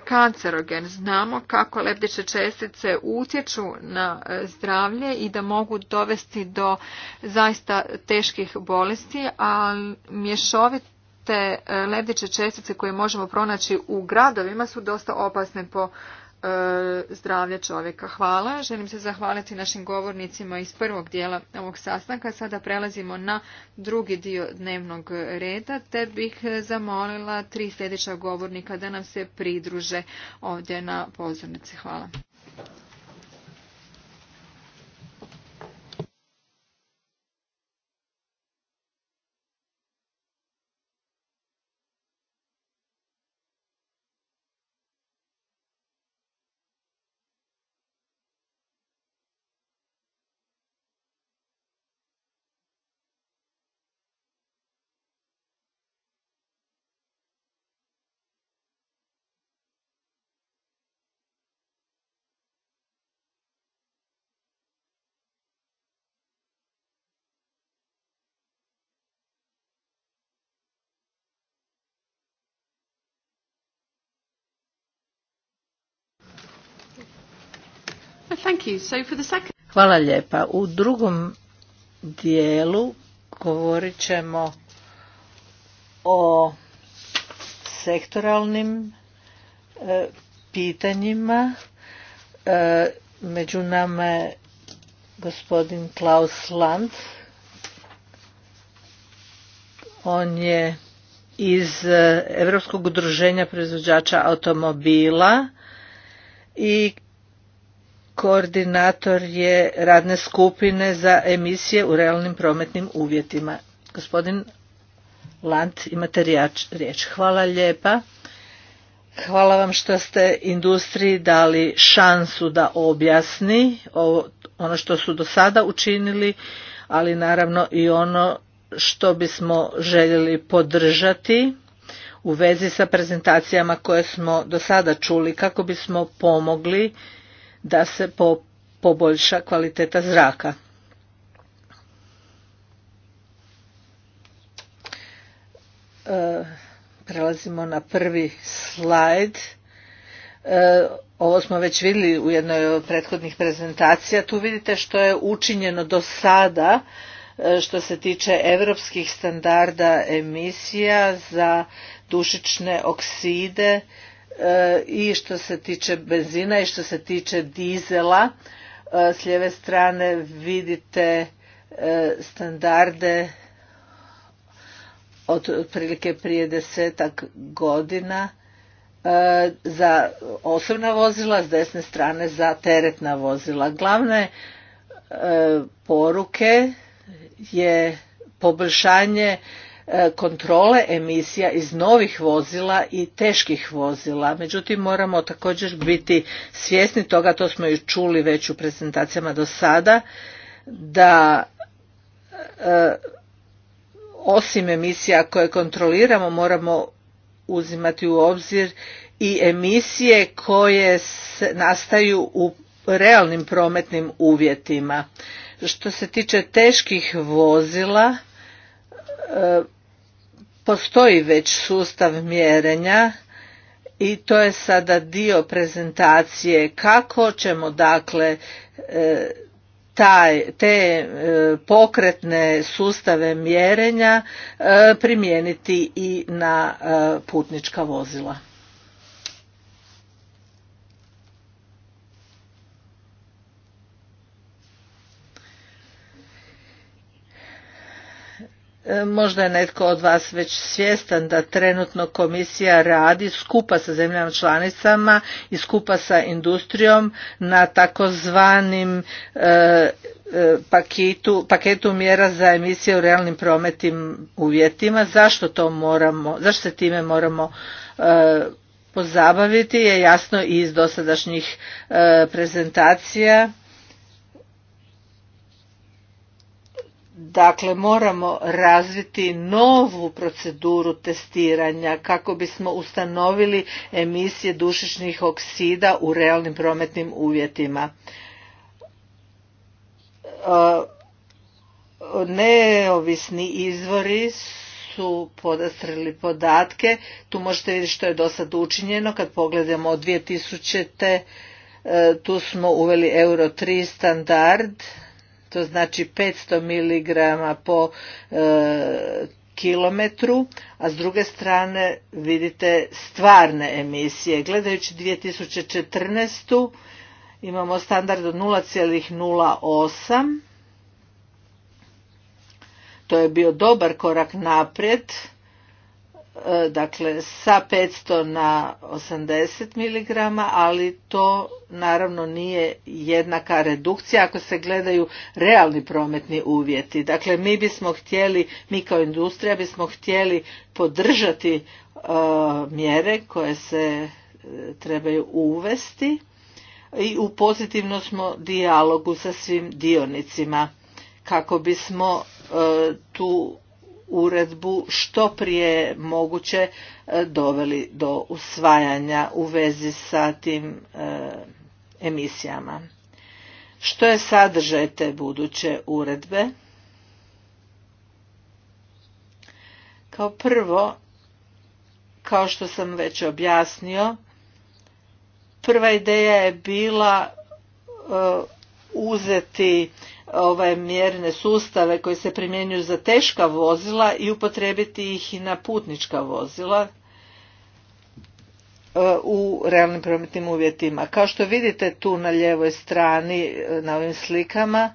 S3: kancerogen. Znamo kako lebdeće čestice utječu na e, zdravlje i da mogu dovesti do zaista teških bolesti, a mješovite te lebdeće čestice koje možemo pronaći u gradovima su dosta opasne po E, zdravlja čovjeka. Hvala. Želim se zahvaliti našim govornicima iz prvog dijela ovog sastanka. Sada prelazimo na drugi dio dnevnog reda, te bih zamolila tri sljedeća govornika da nam se pridruže ovdje na pozornici. Hvala.
S1: thank
S2: Hvala lijepa. U drugom dijelu govorit ćemo o sektoralnim e, pitanjima. E, među nama je gospodin Klaus Land. On je iz Europskog udruženja proizvođača automobila i koordinator je radne skupine za emisije u realnim prometnim uvjetima. Gospodin Lant, imate riječ. Hvala lijepa. Hvala vam što ste industriji dali šansu da objasni ono što su do sada učinili, ali naravno i ono što bismo željeli podržati u vezi sa prezentacijama koje smo do sada čuli kako bismo pomogli da se poboljša kvaliteta zraka. E, prelazimo na prvi slajd. E, ovo smo već vidjeli u jednoj od prethodnih prezentacija. Tu vidite što je učinjeno do sada e, što se tiče europskih standarda emisija za dušične okside i što se tiče benzina i što se tiče dizela. E, s lijeve strane vidite e, standarde od otprilike prije desetak godina e, za osobna vozila, s desne strane za teretna vozila. Glavne poruke je poboljšanje E, kontrole emisija iz novih vozila i teških vozila. Međutim, moramo također biti svjesni toga, to smo i čuli već u prezentacijama do sada, da e, osim emisija koje kontroliramo moramo uzimati u obzir i emisije koje nastaju u realnim prometnim uvjetima. Što se tiče teških vozila, e, Postoji već sustav mjerenja i to je sada dio prezentacije kako ćemo dakle e, te e, pokretne sustave mjerenja e, primijeniti i na putnička vozila. E, možda je netko od vas već svjestan da trenutno komisija radi skupa sa zemljama članicama i skupa sa industrijom na takozvanim e, e, paketu, paketu mjera za emisije u realnim prometnim uvjetima. Zašto to moramo, zašto se time moramo pozabaviti je jasno i iz dosadašnjih prezentacija Dakle, moramo razviti novu proceduru testiranja kako bismo ustanovili emisije dušičnih oksida u realnim prometnim uvjetima. E, neovisni izvori su podastrili podatke. Tu možete vidjeti što je do sad učinjeno. Kad pogledamo od 2000. E, tu smo uveli Euro 3 standard to znači 500 mg po e, kilometru, a s druge strane vidite stvarne emisije. Gledajući 2014. imamo standard od 0,08. To je bio dobar korak naprijed E, dakle sa 500 na 80 mg, ali to naravno nije jednaka redukcija ako se gledaju realni prometni uvjeti. Dakle, mi bismo htjeli, mi kao industrija bismo htjeli podržati e, mjere koje se e, trebaju uvesti i u pozitivno smo dijalogu sa svim dionicima kako bismo tu uredbu što prije moguće e, doveli do usvajanja u vezi sa tim e, emisijama. Što je sadržaj te buduće uredbe? Kao prvo, kao što sam već objasnio, prva ideja je bila e, uzeti ove ovaj, mjerne sustave koji se primjenjuju za teška vozila i upotrijebiti ih i na putnička vozila e, u realnim prometnim uvjetima. Kao što vidite tu na ljevoj strani e, na ovim slikama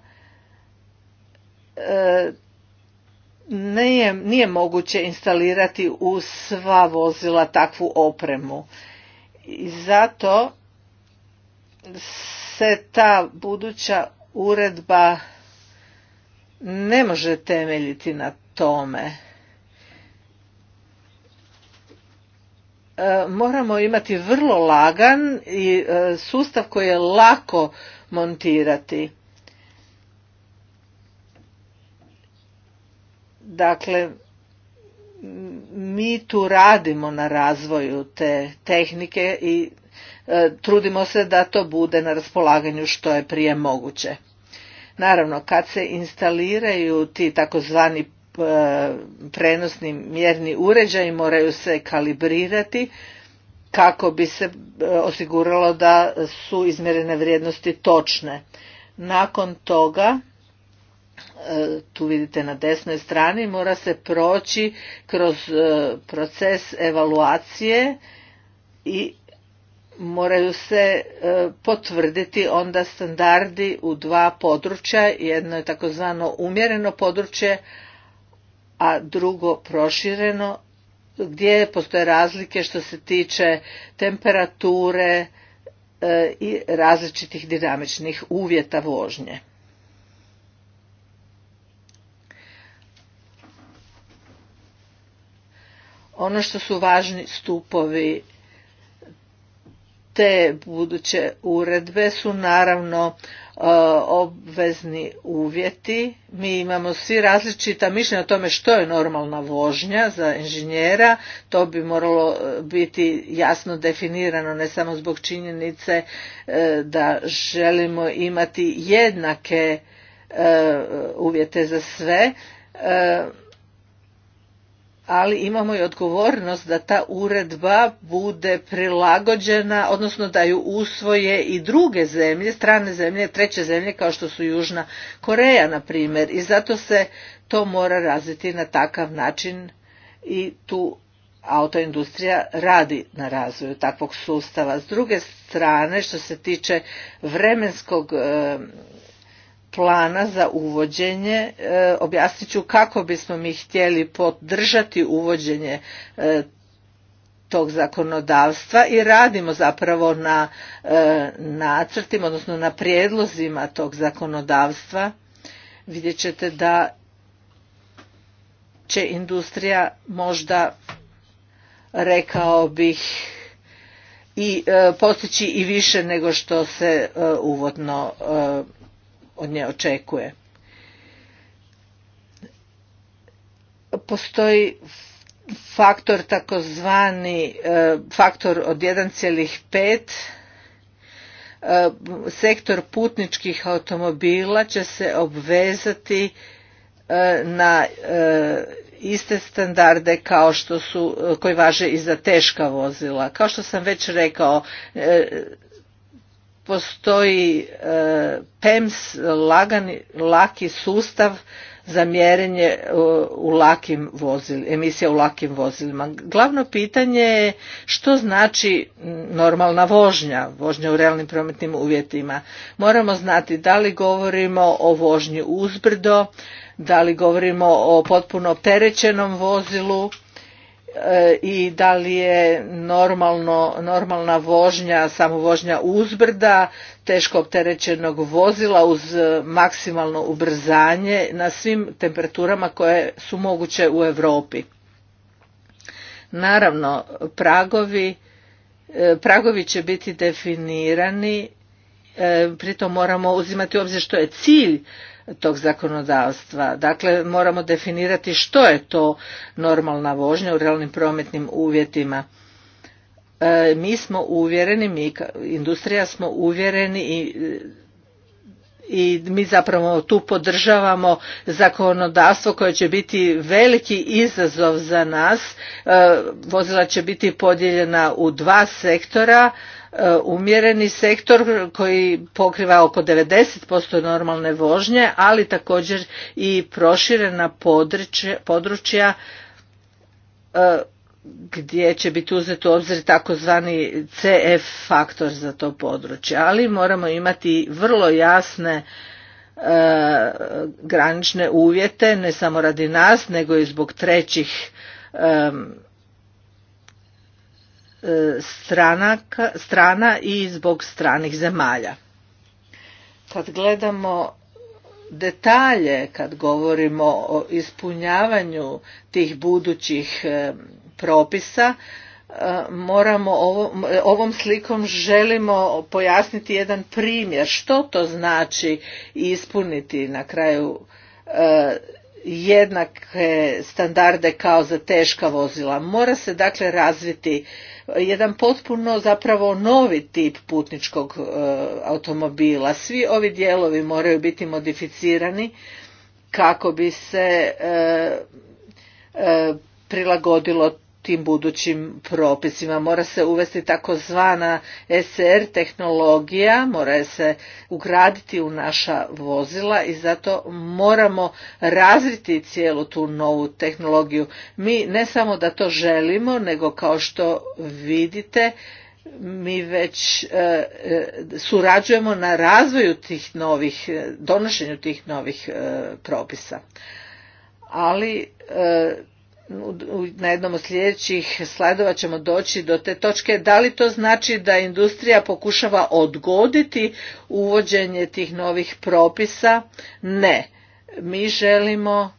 S2: e, nije, nije moguće instalirati u sva vozila takvu opremu. I zato se ta buduća uredba ne može temeljiti na tome. E, moramo imati vrlo lagan i e, sustav koji je lako montirati. Dakle, mi tu radimo na razvoju te tehnike i E, trudimo se da to bude na raspolaganju što je prije moguće. Naravno, kad se instaliraju ti takozvani e, prenosni mjerni uređaji moraju se kalibrirati kako bi se e, osiguralo da su izmjerene vrijednosti točne. Nakon toga, tu vidite na desnoj strani, mora se proći kroz proces evaluacije i moraju se e, potvrditi onda standardi u dva područja, jedno je takozvano umjereno područje, a drugo prošireno gdje postoje razlike što se tiče temperature e, i različitih dinamičnih uvjeta vožnje. Ono što su važni stupovi te buduće uredbe su naravno e, obvezni uvjeti. Mi imamo svi različita mišljenja o tome što je normalna vožnja za inženjera. To bi moralo e, biti jasno definirano ne samo zbog činjenice e, da želimo imati jednake uvjete za sve ali imamo i odgovornost da ta uredba bude prilagođena, odnosno da ju usvoje i druge zemlje, strane zemlje, treće zemlje kao što su Južna Koreja, na primjer. I zato se to mora razviti na takav način i tu autoindustrija radi na razvoju takvog sustava. S druge strane, što se tiče vremenskog plana za uvođenje e, objasnit ću kako bismo mi htjeli podržati uvođenje e, tog zakonodavstva i radimo zapravo na e, nacrtima odnosno na prijedlozima tog zakonodavstva vidjet ćete da će industrija možda rekao bih i postići i više nego što se uvodno od nje očekuje. Postoji faktor takozvani e, faktor od 1,5 e, sektor putničkih automobila će se obvezati e, na iste standarde kao što su koji važe i za teška vozila. Kao što sam već rekao, postoji e, PEMS, lagani, laki sustav za mjerenje e, u lakim vozilima emisija u lakim vozilima. Glavno pitanje je što znači normalna vožnja, vožnja u realnim prometnim uvjetima. Moramo znati da li govorimo o vožnji uzbrdo, da li govorimo o potpuno opterećenom vozilu, i da li je normalna vožnja, samo vožnja uzbrda, teško opterećenog vozila uz maksimalno ubrzanje na svim temperaturama koje su moguće u Europi. Naravno, pragovi, pragovi će biti definirani E, pritom moramo uzimati u obzir što je cilj tog zakonodavstva. Dakle, moramo definirati što je to normalna vožnja u realnim prometnim uvjetima. E, mi smo uvjereni, mi industrija smo uvjereni i i mi zapravo tu podržavamo zakonodavstvo koje će biti veliki izazov za nas. E, vozila će biti podijeljena u dva sektora, e, umjereni sektor koji pokriva oko 90% normalne vožnje, ali također i proširena područja, područja e, gdje će biti uzet u obzir takozvani CF faktor za to područje, ali moramo imati vrlo jasne e, granične uvjete, ne samo radi nas, nego i zbog trećih e, e, stranaka, strana i zbog stranih zemalja. Kad gledamo detalje, kad govorimo o ispunjavanju tih budućih e, propisa e, moramo ovom, ovom slikom želimo pojasniti jedan primjer što to znači ispuniti na kraju e, jednake standarde kao za teška vozila. Mora se dakle razviti jedan potpuno zapravo novi tip putničkog e, automobila. Svi ovi dijelovi moraju biti modificirani kako bi se prilagodilo tim budućim propisima. Mora se uvesti takozvana SR tehnologija, mora se ugraditi u naša vozila i zato moramo razviti cijelu tu novu tehnologiju. Mi ne samo da to želimo, nego kao što vidite, mi već e, e, surađujemo na razvoju tih novih, e, donošenju tih novih propisa. Ali na jednom od sljedećih slajdova ćemo doći do te točke. Da li to znači da industrija pokušava odgoditi uvođenje tih novih propisa? Ne. Mi želimo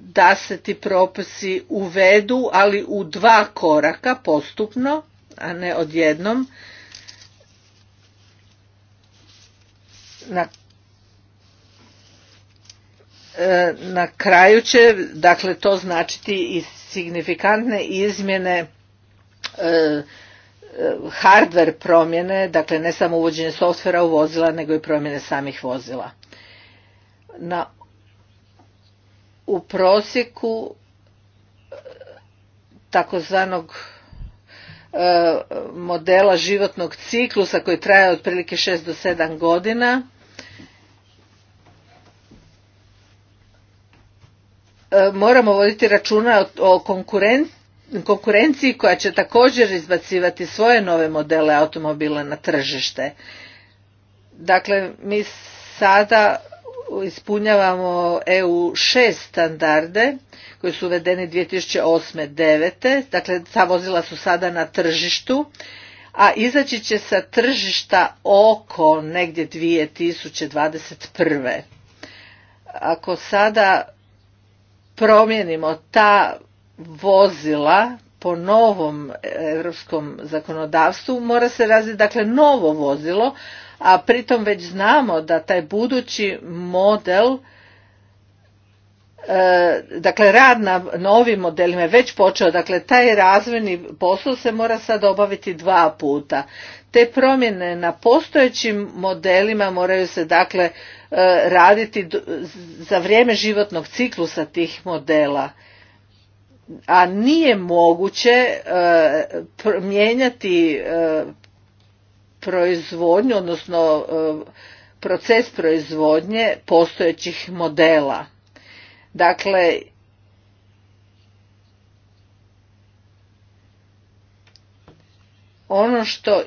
S2: da se ti propisi uvedu, ali u dva koraka postupno, a ne odjednom. Na E, na kraju će dakle to značiti i signifikantne izmjene e, e, hardware promjene, dakle ne samo uvođenje softvera u vozila, nego i promjene samih vozila. Na, u prosjeku takozvanog modela životnog ciklusa koji traje otprilike 6 do 7 godina, E, moramo voditi računa o konkurenciji koja će također izbacivati svoje nove modele automobila na tržište. Dakle, mi sada ispunjavamo EU 6 standarde koji su uvedeni 2008. 9. Dakle, ta vozila su sada na tržištu, a izaći će sa tržišta oko negdje 2021. Ako sada promijenimo ta vozila po novom europskom zakonodavstvu mora se razviti dakle novo vozilo, a pritom već znamo da taj budući model E, dakle rad na novim modelima je već počeo, dakle taj razvojni posao se mora sad obaviti dva puta. Te promjene na postojećim modelima moraju se dakle e, raditi za vrijeme životnog ciklusa tih modela. A nije moguće e, mijenjati proizvodnju, odnosno proces proizvodnje postojećih modela. Dakle, ono što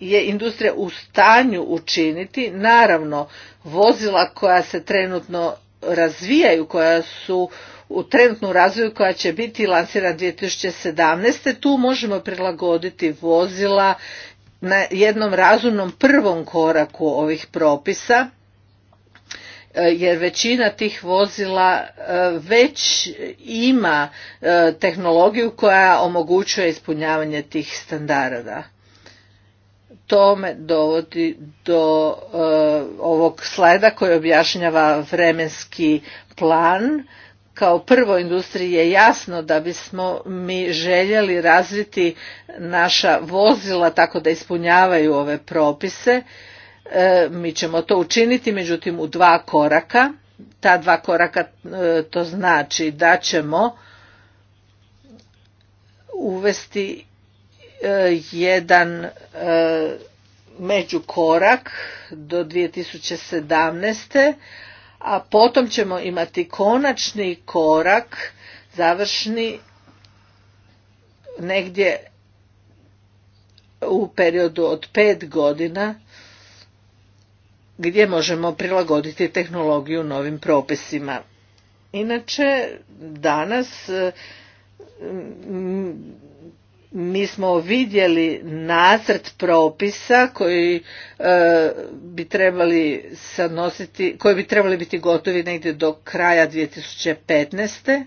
S2: je industrija u stanju učiniti, naravno vozila koja se trenutno razvijaju, koja su u trenutnu razvoju koja će biti lansirana 2017. Tu možemo prilagoditi vozila na jednom razumnom prvom koraku ovih propisa jer većina tih vozila e, već ima e, tehnologiju koja omogućuje ispunjavanje tih standarda. To me dovodi do e, ovog slajda koji objašnjava vremenski plan. Kao prvo industriji je jasno da bismo mi željeli razviti naša vozila tako da ispunjavaju ove propise E, mi ćemo to učiniti, međutim u dva koraka. Ta dva koraka e, to znači da ćemo uvesti e, jedan međukorak do 2017. a potom ćemo imati konačni korak završni negdje u periodu od pet godina gdje možemo prilagoditi tehnologiju novim propisima. Inače, danas e, mi smo vidjeli nacrt propisa koji e, bi trebali sadnositi, koji bi trebali biti gotovi negdje do kraja 2015.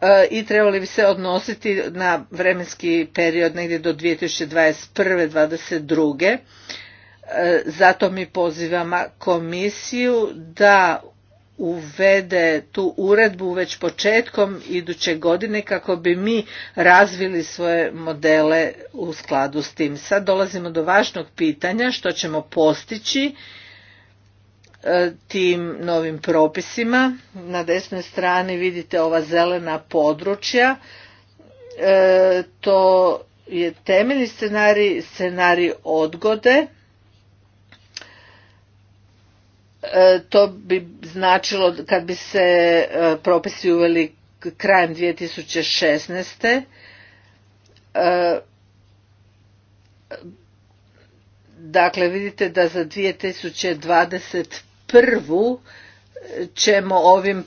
S2: E, i trebali bi se odnositi na vremenski period negdje do 2021. 22. Zato mi pozivamo komisiju da uvede tu uredbu već početkom iduće godine kako bi mi razvili svoje modele u skladu s tim. Sad dolazimo do važnog pitanja što ćemo postići e, tim novim propisima. Na desnoj strani vidite ova zelena područja. E, to je temeljni scenarij, scenarij odgode E, to bi značilo kad bi se e, propisi uveli krajem 2016. E, dakle, vidite da za 2021. ćemo ovim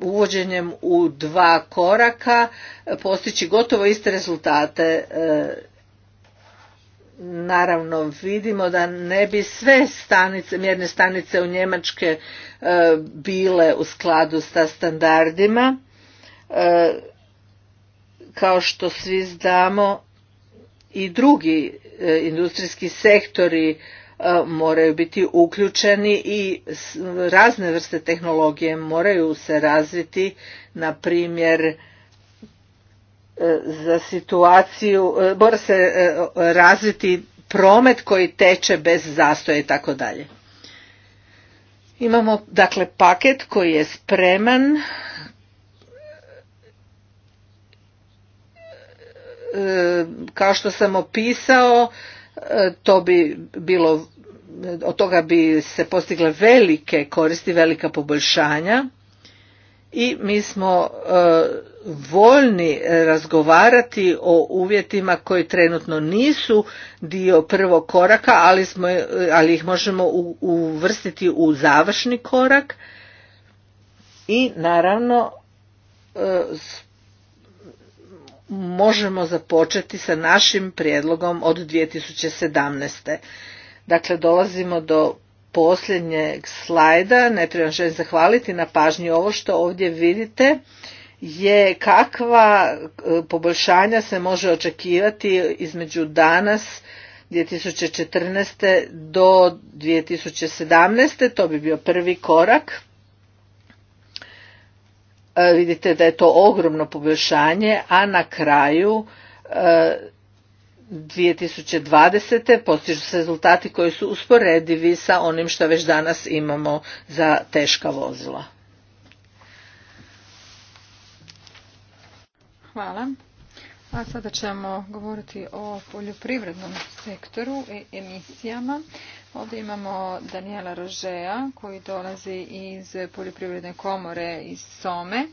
S2: uvođenjem u dva koraka postići gotovo iste rezultate naravno vidimo da ne bi sve stanice, mjerne stanice u Njemačke e, bile u skladu sa standardima. E, kao što svi znamo i drugi e, industrijski sektori moraju biti uključeni i razne vrste tehnologije moraju se razviti, na primjer za situaciju, e, mora se e, razviti promet koji teče bez zastoja i tako dalje. Imamo dakle paket koji je spreman e, kao što sam opisao to bi bilo od toga bi se postigle velike koristi, velika poboljšanja i mi smo e, voljni razgovarati o uvjetima koji trenutno nisu dio prvog koraka, ali, smo, ali ih možemo uvrstiti u završni korak i naravno e, možemo započeti sa našim prijedlogom od 2017. Dakle, dolazimo do posljednjeg slajda, najprije vam želim zahvaliti na pažnji ovo što ovdje vidite je kakva e, poboljšanja se može očekivati između danas 2014. do 2017. To bi bio prvi korak. E, vidite da je to ogromno poboljšanje, a na kraju e, 2020. postižu se rezultati koji su usporedivi sa onim što već danas imamo za teška vozila.
S3: Hvala. A sada ćemo govoriti o poljoprivrednom sektoru i emisijama. Ovdje imamo Daniela Rožeja koji dolazi iz Poljoprivredne komore iz Some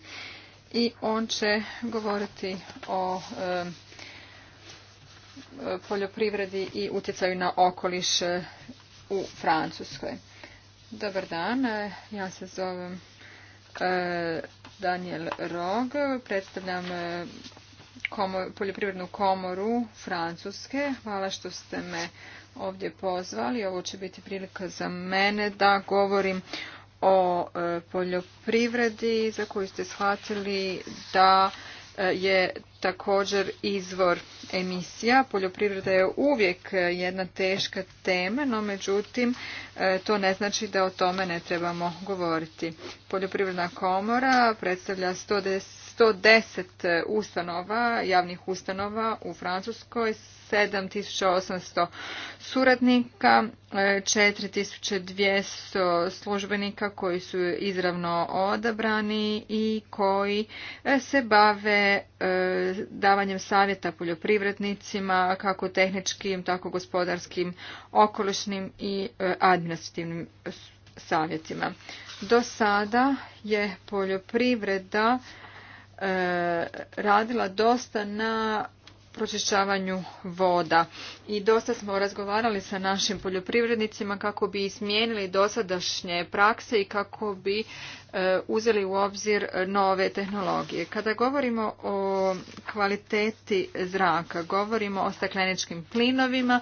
S3: i on će govoriti o poljoprivredi i utjecaju na okoliš e, u Francuskoj. Dobar dan, e, ja se zovem e, Daniel Rog, predstavljam poljoprivrednu komoru Francuske. Hvala što ste me ovdje pozvali. Ovo će biti prilika za mene da govorim o poljoprivredi za koju ste shvatili da je također izvor emisija. Poljoprivreda je uvijek jedna teška tema, no međutim e, to ne znači da o tome ne trebamo govoriti. Poljoprivredna komora predstavlja 110 110 e, ustanova, javnih ustanova u Francuskoj, 7800 suradnika, 4200 e, službenika koji su izravno odabrani i koji e, se bave davanjem savjeta poljoprivrednicima kako tehničkim, tako gospodarskim, okolišnim i administrativnim savjetima. Do sada je poljoprivreda E, radila dosta na pročišćavanju voda i dosta smo razgovarali sa našim poljoprivrednicima kako bi smijenili dosadašnje prakse i kako bi e, uzeli u obzir nove tehnologije. Kada govorimo o kvaliteti zraka, govorimo o stakleničkim plinovima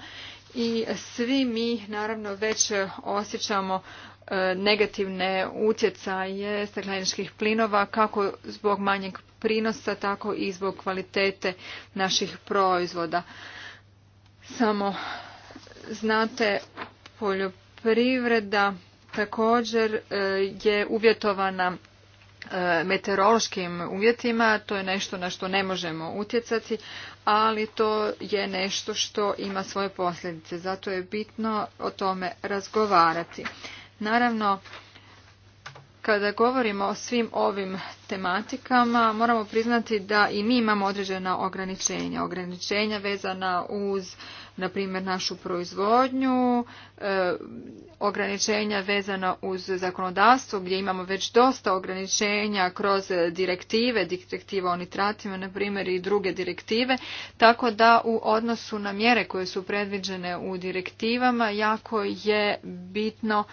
S3: i svi mi naravno već osjećamo E, negativne utjecaje stakleničkih plinova kako zbog manjeg prinosa tako i zbog kvalitete naših proizvoda. Samo znate poljoprivreda također e, je uvjetovana e, meteorološkim uvjetima, to je nešto na što ne možemo utjecati, ali to je nešto što ima svoje posljedice, zato je bitno o tome razgovarati. Naravno, kada govorimo o svim ovim tematikama, moramo priznati da i mi imamo određena ograničenja. Ograničenja vezana uz, na primjer, našu proizvodnju, e, ograničenja vezana uz zakonodavstvo gdje imamo već dosta ograničenja kroz direktive, direktiva o nitratima, na primjer, i druge direktive, tako da u odnosu na mjere koje su predviđene u direktivama jako je bitno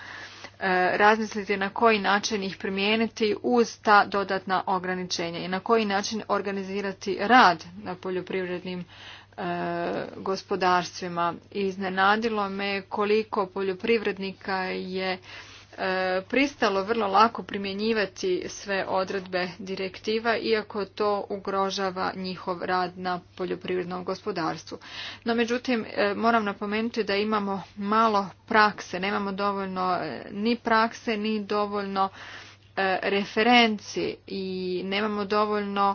S3: E, razmisliti na koji način ih primijeniti uz ta dodatna ograničenja i na koji način organizirati rad na poljoprivrednim e, gospodarstvima. Iznenadilo me koliko poljoprivrednika je E, pristalo vrlo lako primjenjivati sve odredbe direktiva iako to ugrožava njihov rad na poljoprivrednom gospodarstvu. No međutim e, moram napomenuti da imamo malo prakse, nemamo dovoljno e, ni prakse ni dovoljno referenci i nemamo dovoljno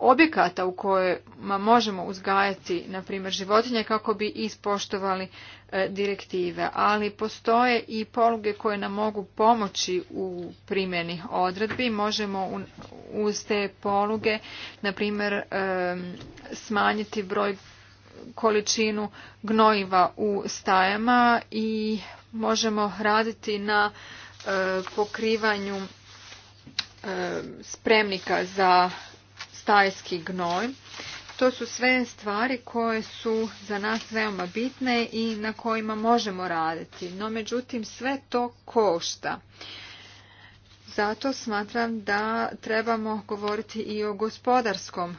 S3: objekata u kojima možemo uzgajati, na primjer, životinje kako bi ispoštovali e, direktive. Ali postoje i poluge koje nam mogu pomoći u primjeni odredbi. Možemo uz te poluge, na primjer, e, smanjiti broj količinu gnojiva u stajama i možemo raditi na e, pokrivanju spremnika za tajski gnoj. To su sve stvari koje su za nas veoma bitne i na kojima možemo raditi. No međutim sve to košta. Zato smatram da trebamo govoriti i o gospodarskom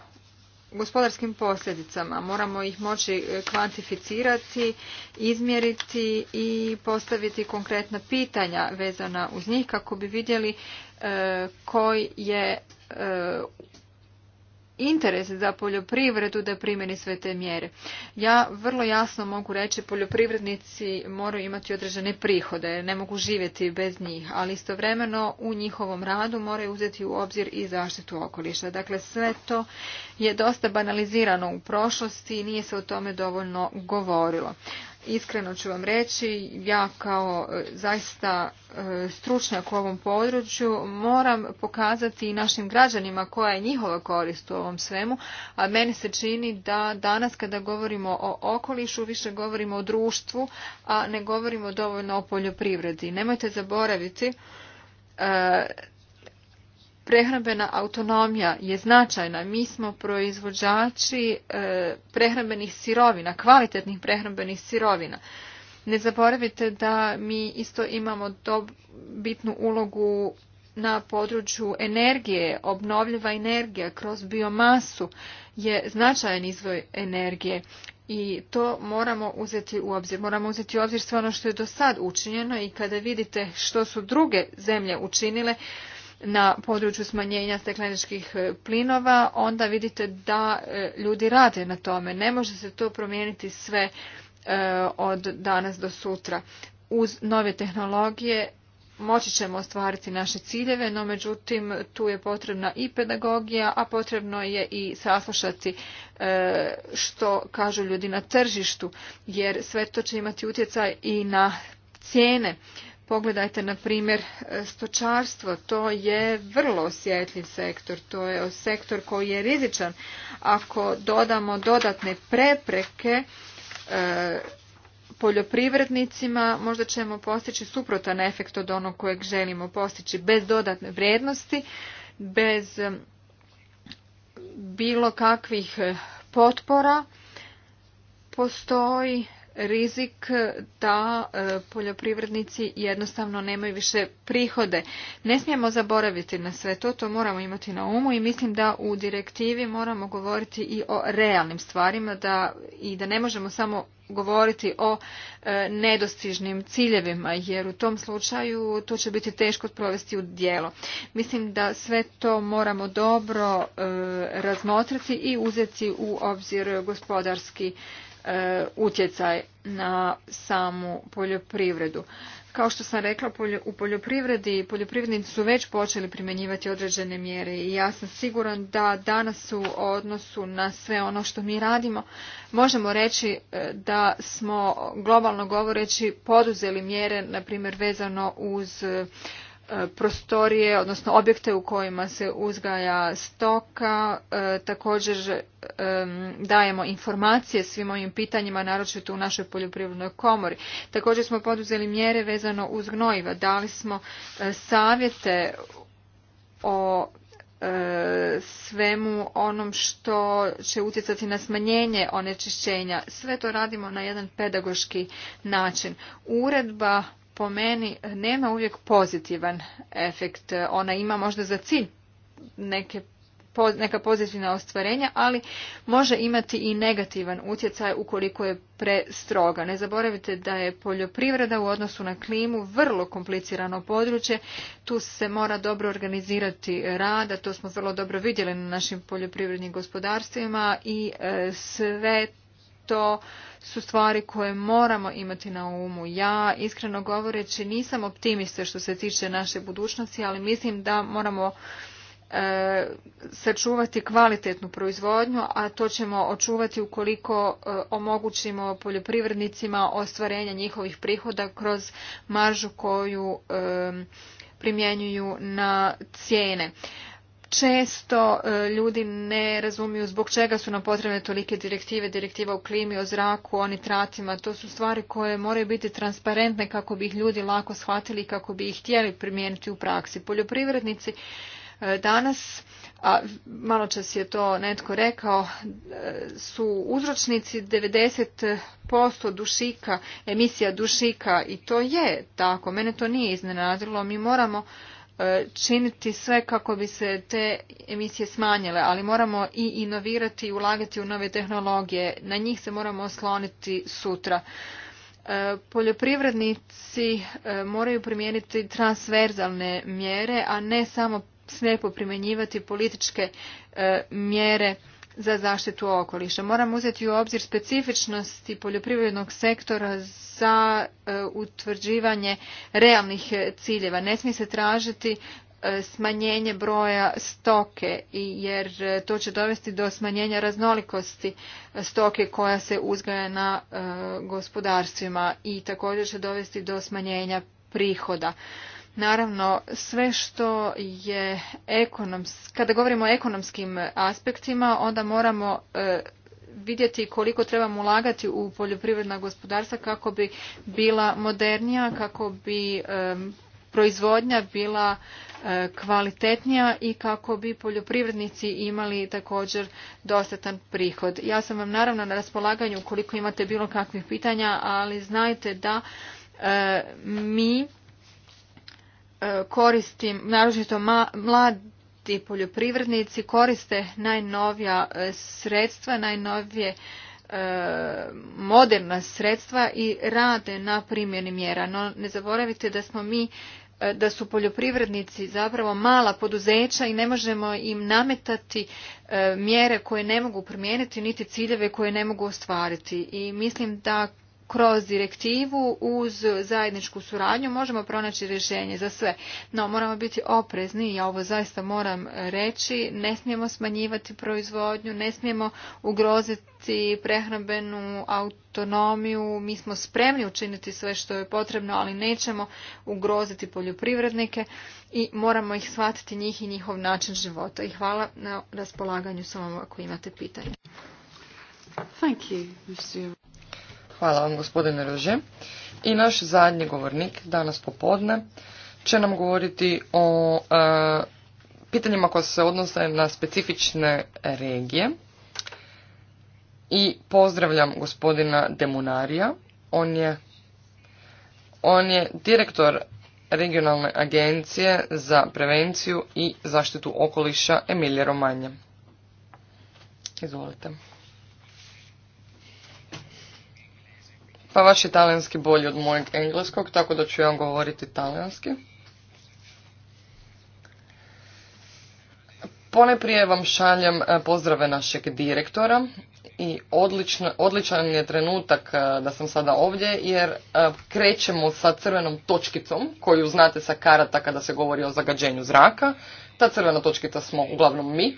S3: gospodarskim posljedicama. Moramo ih moći e, kvantificirati, izmjeriti i postaviti konkretna pitanja vezana uz njih kako bi vidjeli e, koji je e, interes za poljoprivredu da primjeni sve te mjere. Ja vrlo jasno mogu reći poljoprivrednici moraju imati određene prihode, ne mogu živjeti bez njih, ali istovremeno u njihovom radu moraju uzeti u obzir i zaštitu okoliša. Dakle, sve to je dosta banalizirano u prošlosti i nije se o tome dovoljno govorilo. Iskreno ću vam reći, ja kao e, zaista e, stručnjak u ovom području moram pokazati i našim građanima koja je njihova korist u ovom svemu, a meni se čini da danas kada govorimo o okolišu više govorimo o društvu, a ne govorimo dovoljno o poljoprivredi. Nemojte zaboraviti e, prehrambena autonomija je značajna. Mi smo proizvođači e, prehrambenih sirovina, kvalitetnih prehrambenih sirovina. Ne zaboravite da mi isto imamo bitnu ulogu na području energije, obnovljiva energija kroz biomasu je značajan izvoj energije i to moramo uzeti u obzir. Moramo uzeti u obzir sve ono što je do sad učinjeno i kada vidite što su druge zemlje učinile, na području smanjenja stakleničkih e, plinova, onda vidite da e, ljudi rade na tome. Ne može se to promijeniti sve e, od danas do sutra. Uz nove tehnologije moći ćemo ostvariti naše ciljeve, no međutim tu je potrebna i pedagogija, a potrebno je i saslušati što kažu ljudi na tržištu, jer sve to će imati utjecaj i na cijene Pogledajte, na primjer, stočarstvo. To je vrlo osjetljiv sektor. To je sektor koji je rizičan. Ako dodamo dodatne prepreke e, poljoprivrednicima, možda ćemo postići suprotan efekt od onog kojeg želimo postići bez dodatne vrijednosti, bez e, bilo kakvih e, potpora postoji rizik da e, poljoprivrednici jednostavno nemaju više prihode. Ne smijemo zaboraviti na sve to, to moramo imati na umu i mislim da u direktivi moramo govoriti i o realnim stvarima da, i da ne možemo samo govoriti o e, nedostižnim ciljevima jer u tom slučaju to će biti teško provesti u djelo. Mislim da sve to moramo dobro e, razmotriti i uzeti u obzir gospodarski E, utjecaj na samu poljoprivredu. Kao što sam rekla, u poljoprivredi poljoprivrednici su već počeli primjenjivati određene mjere i ja sam siguran da danas u odnosu na sve ono što mi radimo možemo reći e, da smo globalno govoreći poduzeli mjere, na primjer vezano uz E, prostorije, odnosno objekte u kojima se uzgaja stoka. E, također e, dajemo informacije svim ovim pitanjima, naročito u našoj poljoprivrednoj komori. Također smo poduzeli mjere vezano uz gnojiva. Dali smo savjete o svemu onom što će utjecati na smanjenje onečišćenja. Sve to radimo na jedan pedagoški način. Uredba po meni nema uvijek pozitivan efekt. Ona ima možda za cilj neke neka pozitivna ostvarenja, ali može imati i negativan utjecaj ukoliko je prestroga. Ne zaboravite da je poljoprivreda u odnosu na klimu vrlo komplicirano područje. Tu se mora dobro organizirati rada, to smo vrlo dobro vidjeli na našim poljoprivrednim gospodarstvima i e, sve to su stvari koje moramo imati na umu. Ja, iskreno govoreći, nisam optimista što se tiče naše budućnosti, ali mislim da moramo e, sačuvati kvalitetnu proizvodnju, a to ćemo očuvati ukoliko e, omogućimo poljoprivrednicima ostvarenje njihovih prihoda kroz maržu koju e, primjenjuju na cijene često e, ljudi ne razumiju zbog čega su nam potrebne tolike direktive, direktiva u klimi, o zraku, o nitratima. To su stvari koje moraju biti transparentne kako bi ih ljudi lako shvatili i kako bi ih htjeli primijeniti u praksi. Poljoprivrednici e, danas, a malo čas je to netko rekao, e, su uzročnici 90% dušika, emisija dušika i to je tako. Mene to nije iznenadilo. Mi moramo E, činiti sve kako bi se te emisije smanjile, ali moramo i inovirati i ulagati u nove tehnologije. Na njih se moramo osloniti sutra. E, poljoprivrednici e, moraju primijeniti transverzalne mjere, a ne samo slijepo primjenjivati političke mjere za zaštitu okoliša. Moram uzeti u obzir specifičnosti poljoprivrednog sektora za e, utvrđivanje realnih e, ciljeva. Ne smije se tražiti e, smanjenje broja stoke jer to će dovesti do smanjenja raznolikosti stoke koja se uzgaja na gospodarstvima i također će dovesti do smanjenja prihoda. Naravno, sve što je ekonomski, kada govorimo o ekonomskim aspektima, onda moramo e, vidjeti koliko trebamo ulagati u poljoprivredna gospodarstva kako bi bila modernija, kako bi e, proizvodnja bila e, kvalitetnija i kako bi poljoprivrednici imali također dostatan prihod. Ja sam vam naravno na raspolaganju ukoliko imate bilo kakvih pitanja, ali znajte da mi E, koristim, naročito mladi poljoprivrednici koriste najnovija e, sredstva, najnovije e, moderna sredstva i rade na primjeni mjera. No ne zaboravite da smo mi da su poljoprivrednici zapravo mala poduzeća i ne možemo im nametati mjere koje ne mogu promijeniti niti ciljeve koje ne mogu ostvariti. I mislim da kroz direktivu uz zajedničku suradnju možemo pronaći rješenje za sve. No, moramo biti oprezni, ja ovo zaista moram reći, ne smijemo smanjivati proizvodnju, ne smijemo ugroziti prehrambenu autonomiju, mi smo spremni učiniti sve što je potrebno, ali nećemo ugroziti poljoprivrednike i moramo ih shvatiti njih i njihov način života. I hvala na raspolaganju samo ako imate pitanje.
S1: Hvala vam gospodine Rože. I naš zadnji govornik danas popodne će nam govoriti o e, pitanjima koja se odnose na specifične regije. I pozdravljam gospodina Demunarija. On je, on je direktor regionalne agencije za prevenciju i zaštitu okoliša Emilije Romanje. Izvolite. Pa vaš je talijanski bolji od mojeg engleskog, tako da ću ja govoriti talijanski. Poneprije vam šaljem e, pozdrave našeg direktora i odličan je trenutak e, da sam sada ovdje jer e, krećemo sa crvenom točkicom koju znate sa karata kada se govori o zagađenju zraka. Ta crvena točkica smo uglavnom mi.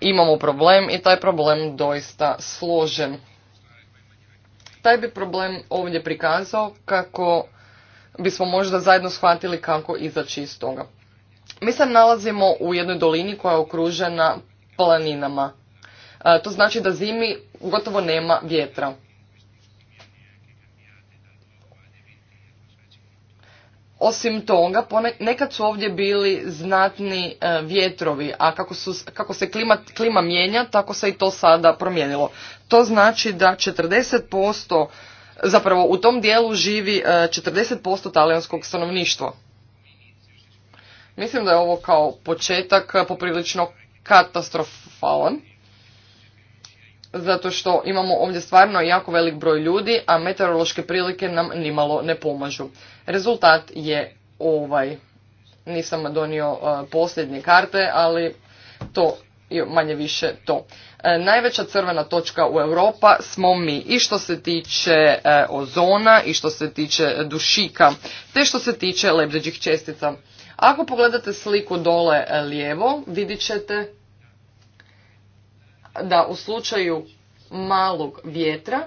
S1: Imamo problem i taj problem doista složen taj bi problem ovdje prikazao kako bismo možda zajedno shvatili kako izaći iz toga. Mi se nalazimo u jednoj dolini koja je okružena planinama. E, to znači da zimi gotovo nema vjetra. osim toga, nekad su ovdje bili znatni e, vjetrovi, a kako, se klima, klima mijenja, tako se i to sada promijenilo. To znači da 40%, zapravo u tom dijelu živi 40% e, talijanskog stanovništva. Mislim da je ovo kao početak e, poprilično katastrofalan zato što imamo ovdje stvarno jako velik broj ljudi, a meteorološke prilike nam nimalo ne pomažu. Rezultat je ovaj. Nisam donio e, posljednje karte, ali to je manje više to. E, najveća crvena točka u Europa smo mi i što se tiče e, ozona i što se tiče dušika te što se tiče lebdeđih čestica. Ako pogledate sliku dole lijevo vidit ćete da u slučaju malog vjetra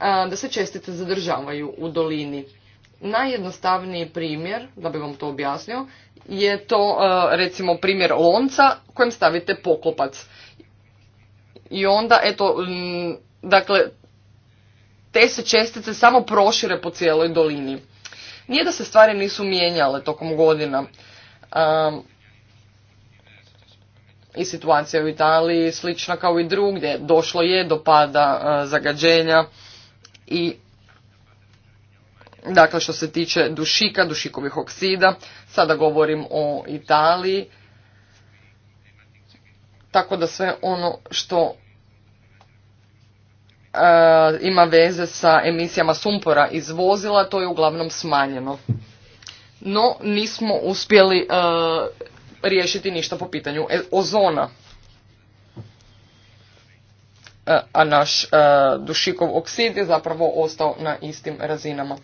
S1: da se čestice zadržavaju u dolini. Najjednostavniji primjer, da bi vam to objasnio, je to recimo primjer lonca kojem stavite poklopac. I onda, eto, dakle, te se čestice samo prošire po cijeloj dolini. Nije da se stvari nisu mijenjale tokom godina i situacija u Italiji slična kao i drugdje. Došlo je do pada e, zagađenja i dakle što se tiče dušika, dušikovih oksida, sada govorim o Italiji, tako da sve ono što e, ima veze sa emisijama sumpora iz vozila, to je uglavnom smanjeno. No, nismo uspjeli e, riješiti ništa po pitanju e, ozona. E, a naš e, dušikov oksid je zapravo ostao na istim razinama.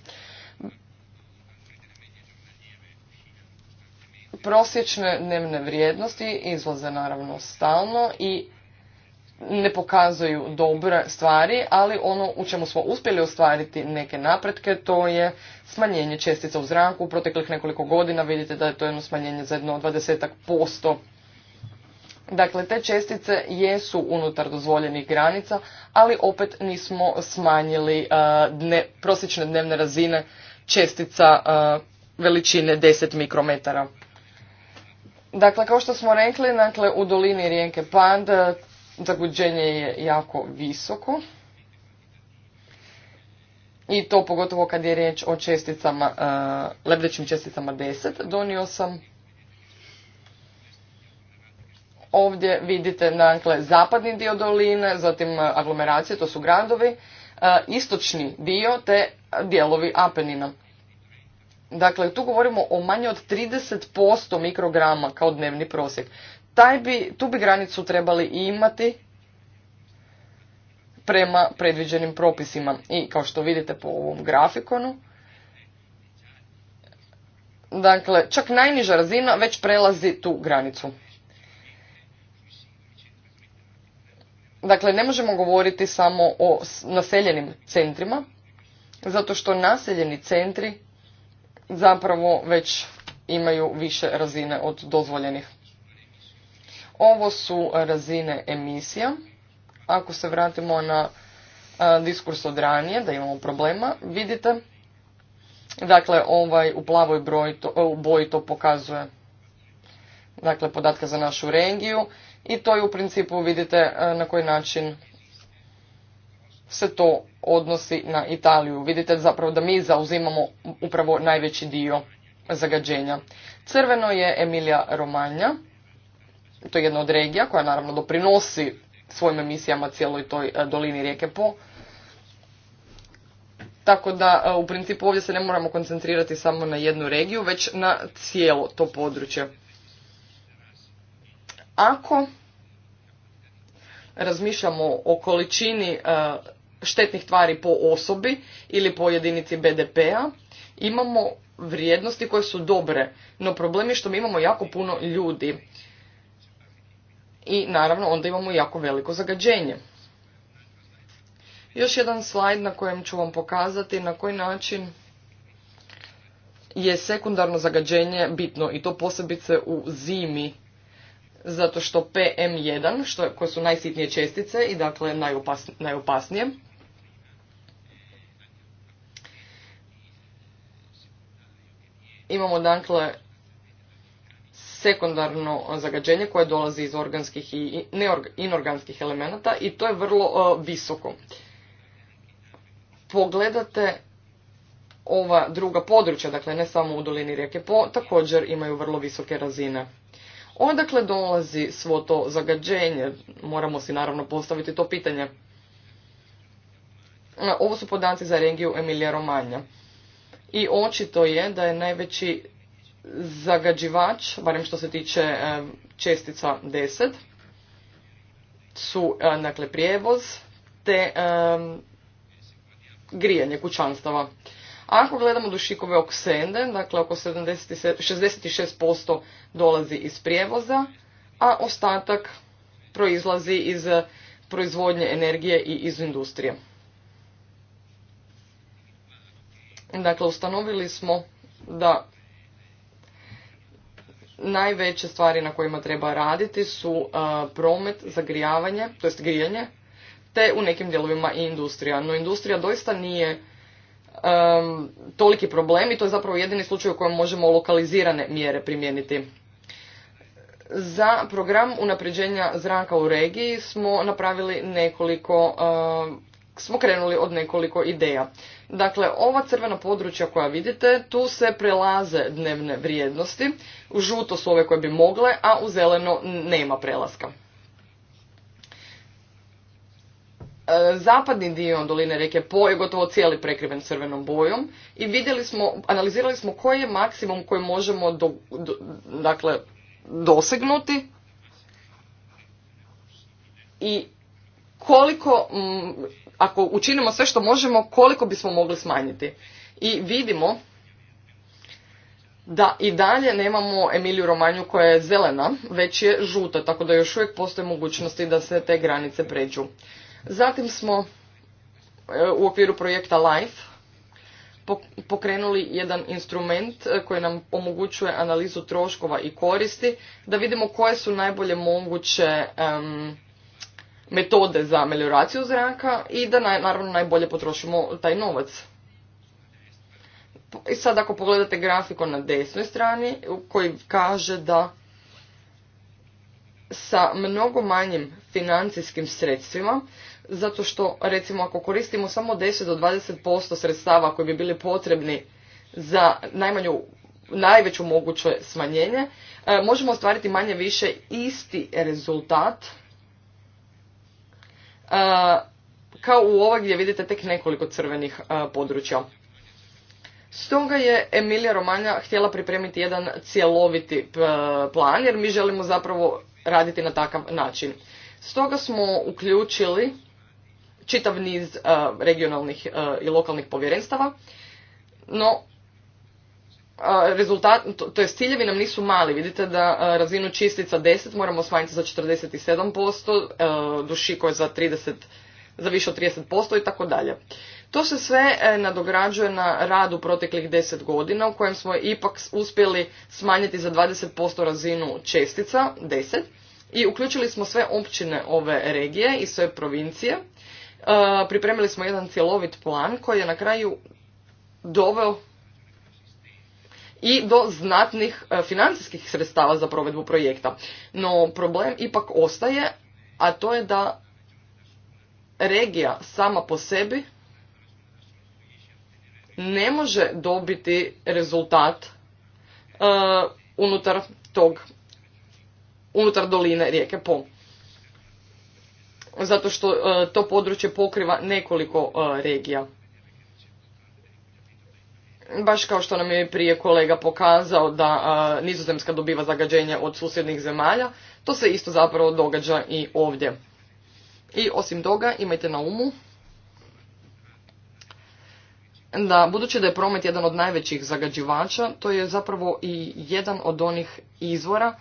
S1: Prosječne dnevne vrijednosti izlaze naravno stalno i ne pokazuju dobre stvari, ali ono u čemu smo uspjeli ostvariti neke napretke, to je smanjenje čestica u zraku. U proteklih nekoliko godina vidite da je to jedno smanjenje za jedno 20%. Dakle, te čestice jesu unutar dozvoljenih granica, ali opet nismo smanjili e, prosječne dnevne razine čestica e, veličine 10 mikrometara. Dakle, kao što smo rekli, dakle, u dolini Rijenke Pand zaguđenje je jako visoko. I to pogotovo kad je riječ o česticama, e, lebdećim česticama 10, donio sam ovdje vidite dakle, zapadni dio doline, zatim e, aglomeracije, to su gradovi, e, istočni dio te dijelovi Apenina. Dakle, tu govorimo o manje od 30% mikrograma kao dnevni prosjek. Taj bi, tu bi granicu trebali i imati prema predviđenim propisima. I kao što vidite po ovom grafikonu, dakle, čak najniža razina već prelazi tu granicu. Dakle, ne možemo govoriti samo o naseljenim centrima, zato što naseljeni centri zapravo već imaju više razine od dozvoljenih. Ovo su razine emisija. Ako se vratimo na e, diskurs od ranije, da imamo problema, vidite. Dakle, ovaj u plavoj broj to, e, u boji to pokazuje dakle, podatke za našu regiju i to je u principu vidite e, na koji način se to odnosi na Italiju. Vidite zapravo da mi zauzimamo upravo najveći dio zagađenja. Crveno je Emilija Romanja to je jedna od regija koja naravno doprinosi svojim emisijama cijeloj toj e, dolini rijeke Po. Tako da e, u principu ovdje se ne moramo koncentrirati samo na jednu regiju, već na cijelo to područje. Ako razmišljamo o količini e, štetnih tvari po osobi ili po jedinici BDP-a, imamo vrijednosti koje su dobre, no problem je što mi imamo jako puno ljudi i naravno onda imamo jako veliko zagađenje. Još jedan slajd na kojem ću vam pokazati na koji način je sekundarno zagađenje bitno i to posebice u zimi zato što PM1 što, koje su najsitnije čestice i dakle najopasnije imamo dakle sekundarno zagađenje koje dolazi iz organskih i inorganskih elemenata i to je vrlo e, visoko. Pogledate ova druga područja, dakle ne samo u dolini rijeke Po, također imaju vrlo visoke razine. Odakle dolazi svo to zagađenje? Moramo si naravno postaviti to pitanje. E, ovo su podaci za regiju Emilija Romanja. I očito je da je najveći zagađivač, barem što se tiče e, čestica 10, su e, dakle, prijevoz te e, grijanje kućanstava. Ako gledamo dušikove oksende, dakle oko 70, 66% dolazi iz prijevoza, a ostatak proizlazi iz proizvodnje energije i iz industrije. Dakle, ustanovili smo da Najveće stvari na kojima treba raditi su uh, promet, zagrijavanje, to jest grijanje, te u nekim dijelovima i industrija. No industrija doista nije um, toliki problem i to je zapravo jedini slučaj u kojem možemo lokalizirane mjere primijeniti. Za program unapređenja zraka u regiji smo napravili nekoliko uh, smo krenuli od nekoliko ideja. Dakle, ova crvena područja koja vidite, tu se prelaze dnevne vrijednosti, u žuto su ove koje bi mogle, a u zeleno nema prelaska. E, zapadni dio doline reke Po je gotovo cijeli prekriven crvenom bojom i vidjeli smo, analizirali smo koji je maksimum koji možemo do, dakle, dosegnuti i koliko ako učinimo sve što možemo, koliko bismo mogli smanjiti. I vidimo da i dalje nemamo Emiliju Romanju koja je zelena, već je žuta, tako da još uvijek postoje mogućnosti da se te granice pređu. Zatim smo e, u okviru projekta LIFE pokrenuli jedan instrument e, koji nam omogućuje analizu troškova i koristi, da vidimo koje su najbolje moguće metode za amelioraciju zraka i da naj, naravno najbolje potrošimo taj novac. I sad ako pogledate grafikon na desnoj strani koji kaže da sa mnogo manjim financijskim sredstvima, zato što recimo ako koristimo samo 10 do 20% sredstava koji bi bili potrebni za najmanju, najveću moguće smanjenje, e, možemo ostvariti manje više isti rezultat E, kao u ovoj gdje vidite tek nekoliko crvenih e, područja. Stoga je Emilija Romanja htjela pripremiti jedan cjeloviti e, plan jer mi želimo zapravo raditi na takav način. Stoga smo uključili čitav niz regionalnih i lokalnih povjerenstava, no rezultat, to je ciljevi nam nisu mali. Vidite da razinu čistica 10 moramo smanjiti za 47%, e, koje za 30 za više od 30% i tako dalje. To se sve e, nadograđuje na radu proteklih 10 godina u kojem smo ipak uspjeli smanjiti za 20% razinu čestica, 10, i uključili smo sve općine ove regije i sve provincije. E, pripremili smo jedan cjelovit plan koji je na kraju doveo i do znatnih e, financijskih sredstava za provedbu projekta. No problem ipak ostaje, a to je da regija sama po sebi ne može dobiti rezultat uh, unutar tog unutar doline rijeke Po. Zato što e, to područje pokriva nekoliko regija baš kao što nam je prije kolega pokazao da nizozemska dobiva zagađenje od susjednih zemalja, to se isto zapravo događa i ovdje. I osim toga imajte na umu da budući da je promet jedan od najvećih zagađivača, to je zapravo i jedan od onih izvora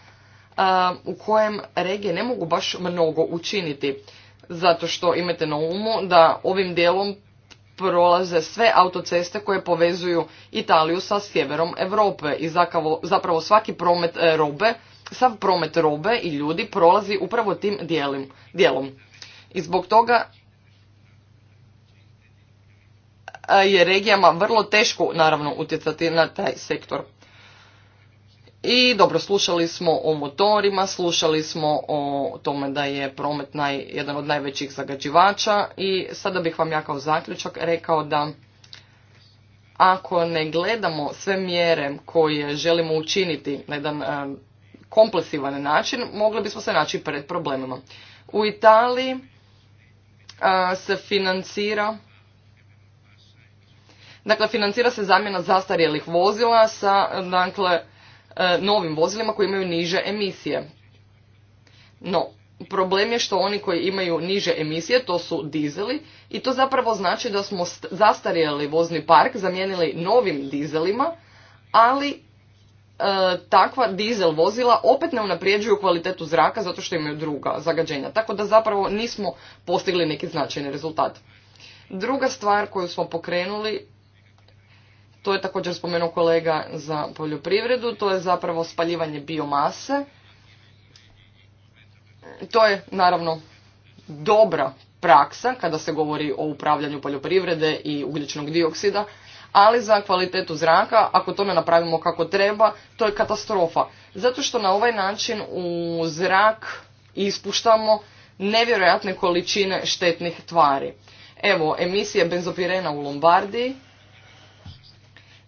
S1: u kojem regije ne mogu baš mnogo učiniti zato što imate na umu da ovim dijelom prolaze sve autoceste koje povezuju Italiju sa sjeverom Europe i zapravo svaki promet e, robe, sav promet robe i ljudi prolazi upravo tim dijelom. I zbog toga e, je regijama vrlo teško naravno utjecati na taj sektor. I dobro, slušali smo o motorima, slušali smo o tome da je promet naj, jedan od najvećih zagađivača i sada bih vam ja kao zaključak rekao da ako ne gledamo sve mjere koje želimo učiniti na jedan e, kompleksivan način, mogli bismo se naći pred problemima. U Italiji e, se financira Dakle, financira se zamjena zastarjelih vozila sa, dakle, E, novim vozilima koji imaju niže emisije. No, problem je što oni koji imaju niže emisije, to su dizeli, i to zapravo znači da smo zastarjeli vozni park zamijenili novim dizelima, ali e, takva dizel vozila opet ne unaprijeđuju kvalitetu zraka zato što imaju druga zagađenja. Tako da zapravo nismo postigli neki značajni rezultat. Druga stvar koju smo pokrenuli to je također spomenuo kolega za poljoprivredu, to je zapravo spaljivanje biomase. To je naravno dobra praksa kada se govori o upravljanju poljoprivrede i ugljičnog dioksida, ali za kvalitetu zraka, ako to ne napravimo kako treba, to je katastrofa. Zato što na ovaj način u zrak ispuštamo nevjerojatne količine štetnih tvari. Evo, emisije benzopirena u Lombardiji,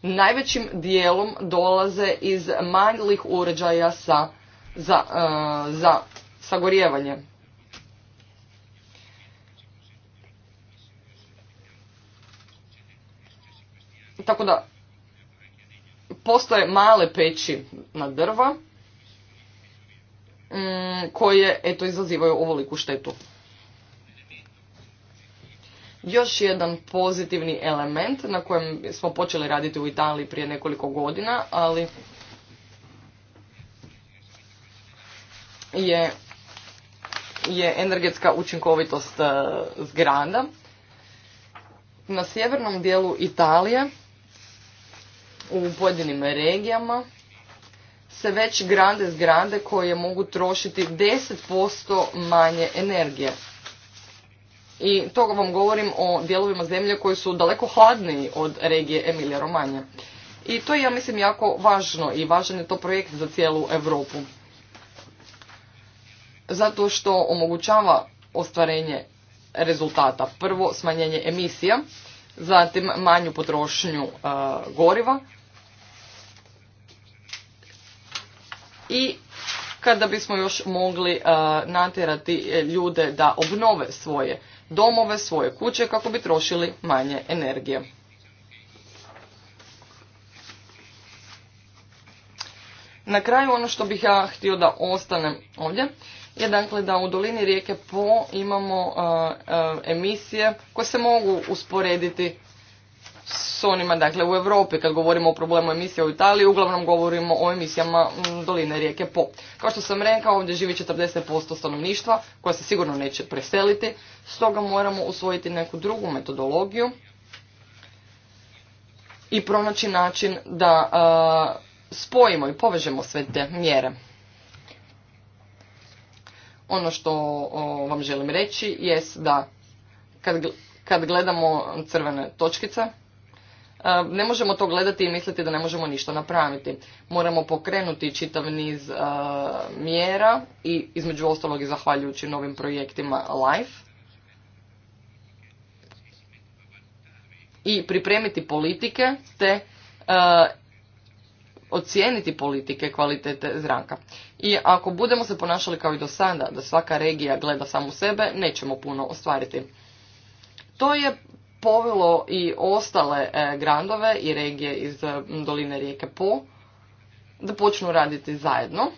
S1: najvećim dijelom dolaze iz manjih uređaja za, sagorjevanje. za sagorijevanje. Tako da postoje male peći na drva mm, koje eto izazivaju ovoliku štetu. Još jedan pozitivni element na kojem smo počeli raditi u Italiji prije nekoliko godina, ali je, je energetska učinkovitost e, zgrada. Na sjevernom dijelu Italije u pojedinim regijama se već grade zgrade koje mogu trošiti 10% manje energije. I to vam govorim o dijelovima zemlje koji su daleko hladniji od regije Emilija Romanja. I to je, ja mislim, jako važno i važan je to projekt za cijelu Europu. Zato što omogućava ostvarenje rezultata. Prvo, smanjenje emisija, zatim manju potrošnju e, goriva i kada bismo još mogli e, natjerati ljude da obnove svoje domove, svoje kuće kako bi trošili manje energije. Na kraju ono što bih ja htio da ostanem ovdje je dakle da u dolini rijeke Po imamo e, e, emisije koje se mogu usporediti s onima dakle, u Europi kad govorimo o problemu emisija u Italiji, uglavnom govorimo o emisijama mm, doline rijeke Po. Kao što sam rekao, ovdje živi 40% stanovništva koja se sigurno neće preseliti, stoga moramo usvojiti neku drugu metodologiju i pronaći način da spojimo i povežemo sve te mjere. Ono što vam želim reći jest da kad, kad gledamo crvene točkice, ne možemo to gledati i misliti da ne možemo ništa napraviti. Moramo pokrenuti čitav niz mjera i između ostalog i zahvaljujući novim projektima LIFE i pripremiti politike te ocijeniti politike kvalitete zraka. I ako budemo se ponašali kao i do sada, da svaka regija gleda samo sebe, nećemo puno ostvariti. To je povelo i ostale e, grandove i regije iz e, doline rijeke Po da počnu raditi zajedno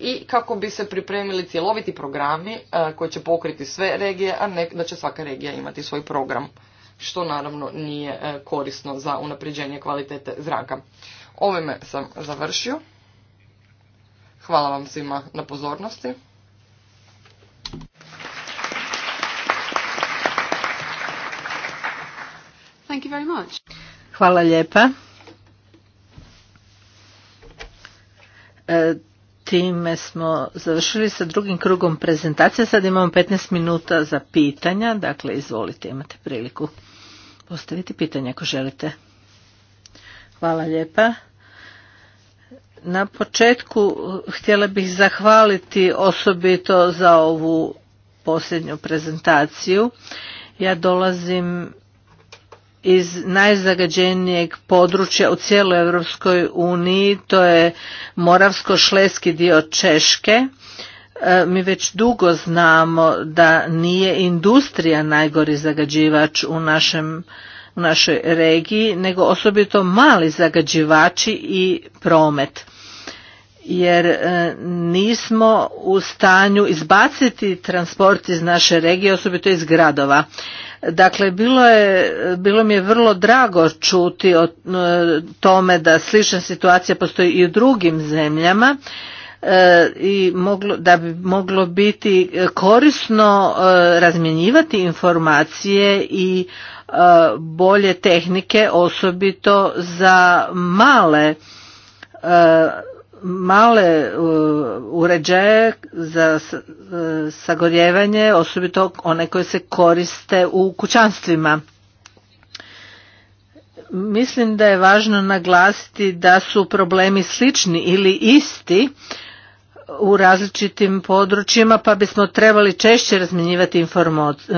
S1: i kako bi se pripremili cjeloviti programi e, koji će pokriti sve regije, a ne da će svaka regija imati svoj program, što naravno nije korisno za unapređenje kvalitete zraka. Ovime sam završio. Hvala vam svima na pozornosti.
S3: Thank you very much.
S2: Hvala lijepa. E, time smo završili sa drugim krugom prezentacije. Sad imamo 15 minuta za pitanja. Dakle, izvolite, imate priliku postaviti pitanje ako želite. Hvala lijepa. Na početku htjela bih zahvaliti osobito za ovu posljednju prezentaciju. Ja dolazim iz najzagađenijeg područja u cijeloj Europskoj uniji, to je Moravsko-Šleski dio Češke. E, mi već dugo znamo da nije industrija najgori zagađivač u našem u našoj regiji, nego osobito mali zagađivači i promet. Jer e, nismo u stanju izbaciti transport iz naše regije, osobito iz gradova. Dakle, bilo, je, bilo mi je vrlo drago čuti o e, tome da slična situacija postoji i u drugim zemljama e, i moglo, da bi moglo biti korisno e, razmjenjivati informacije i bolje tehnike osobito za male male e, uređaje za e, sagorjevanje, osobito one koje se koriste u kućanstvima. Mislim da je važno naglasiti da su problemi slični ili isti u različitim područjima pa bismo trebali češće razmjenjivati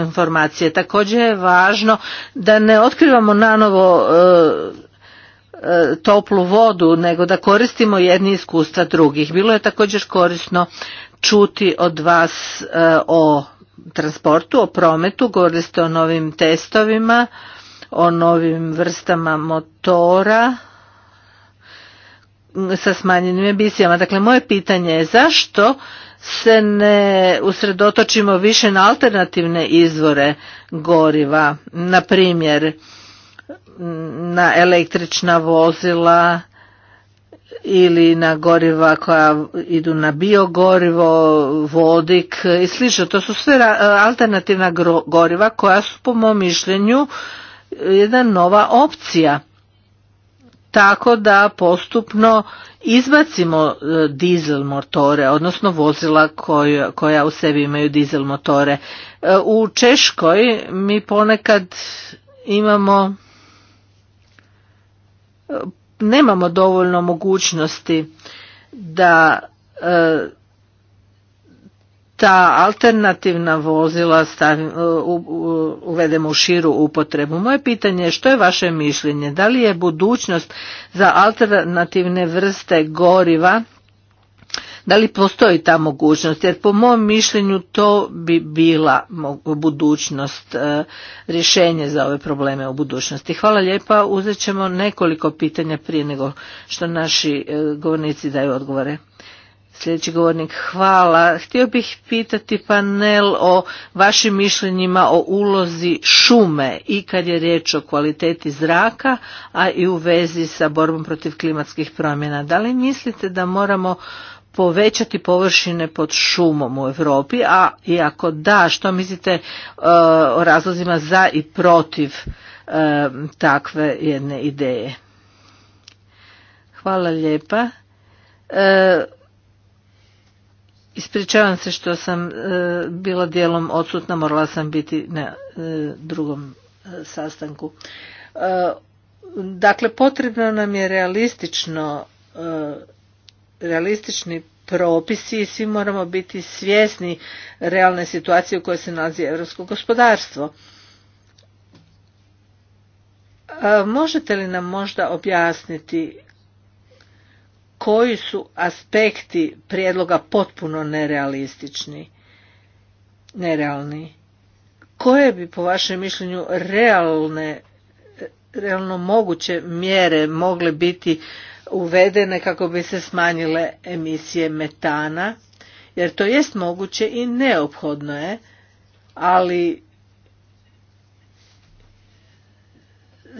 S2: informacije. Također je važno da ne otkrivamo nanovo e, E, toplu vodu, nego da koristimo jedni iskustva drugih. Bilo je također korisno čuti od vas e, o transportu, o prometu, govorili ste o novim testovima, o novim vrstama motora sa smanjenim emisijama. Dakle, moje pitanje je zašto se ne usredotočimo više na alternativne izvore goriva, na primjer na električna vozila ili na goriva koja idu na biogorivo, vodik i slično. To su sve alternativna goriva koja su po mom mišljenju jedna nova opcija. Tako da postupno izbacimo e, dizel motore, odnosno vozila koja, koja u sebi imaju dizel motore. E, u Češkoj mi ponekad imamo nemamo dovoljno mogućnosti da e, ta alternativna vozila stavim, e, u, uvedemo u širu upotrebu. Moje pitanje je što je vaše mišljenje? Da li je budućnost za alternativne vrste goriva da li postoji ta mogućnost jer po mom mišljenju to bi bila budućnost e, rješenje za ove probleme u budućnosti. Hvala lijepa, uzet ćemo nekoliko pitanja prije nego što naši e, govornici daju odgovore. Sljedeći govornik, hvala. Htio bih pitati panel o vašim mišljenjima o ulozi šume i kad je riječ o kvaliteti zraka, a i u vezi sa borbom protiv klimatskih promjena. Da li mislite da moramo povećati površine pod šumom u Europi, a i ako da, što mislite e, o razlozima za i protiv e, takve jedne ideje? Hvala lijepa. E, ispričavam se što sam bila dijelom odsutna, morala sam biti na drugom sastanku. Dakle, potrebno nam je realistično realistični propisi i svi moramo biti svjesni realne situacije u kojoj se nalazi europsko gospodarstvo. Možete li nam možda objasniti koji su aspekti prijedloga potpuno nerealistični, nerealni? Koje bi po vašem mišljenju realne, realno moguće mjere mogle biti uvedene kako bi se smanjile emisije metana, jer to jest moguće i neophodno je, ali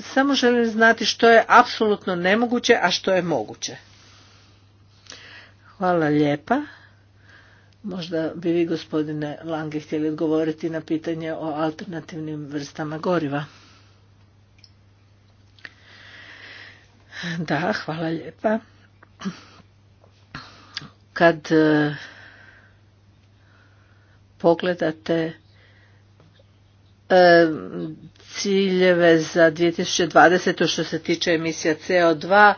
S2: samo želim znati što je apsolutno nemoguće, a što je moguće. Hvala lijepa. Možda bi vi, gospodine Lange, htjeli odgovoriti na pitanje o alternativnim vrstama goriva. Da, hvala lijepa. Kad e, pogledate e, ciljeve za 2020. što se tiče emisija CO2,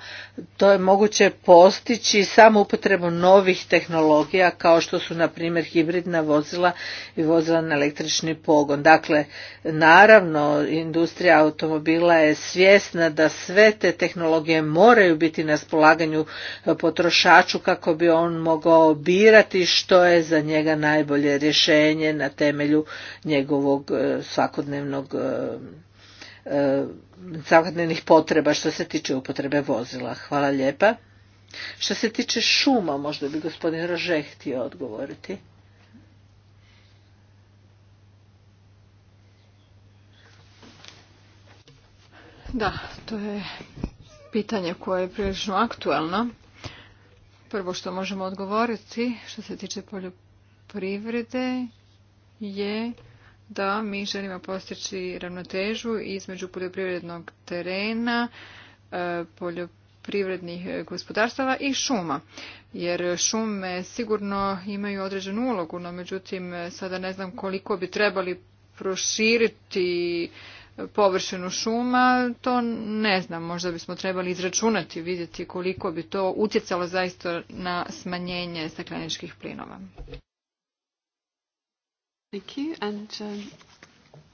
S2: to je moguće postići samo upotrebu novih tehnologija kao što su na primjer hibridna vozila i vozila na električni pogon. Dakle, naravno, industrija automobila je svjesna da sve te tehnologije moraju biti na spolaganju potrošaču kako bi on mogao birati što je za njega najbolje rješenje na temelju njegovog e, svakodnevnog e, zagadnenih e, potreba što se tiče upotrebe vozila. Hvala lijepa. Što se tiče šuma, možda bi gospodin Rože htio odgovoriti.
S1: Da, to je
S3: pitanje koje je prilično aktualno. Prvo što možemo odgovoriti što se tiče poljoprivrede je da mi želimo postići ravnotežu između poljoprivrednog terena, e, poljoprivrednih gospodarstava i šuma. Jer šume sigurno imaju određenu ulogu, no međutim sada ne znam koliko bi trebali proširiti površinu šuma, to ne znam, možda bismo trebali izračunati, vidjeti koliko bi to utjecalo zaista na smanjenje stakleničkih plinova. Thank you. And um,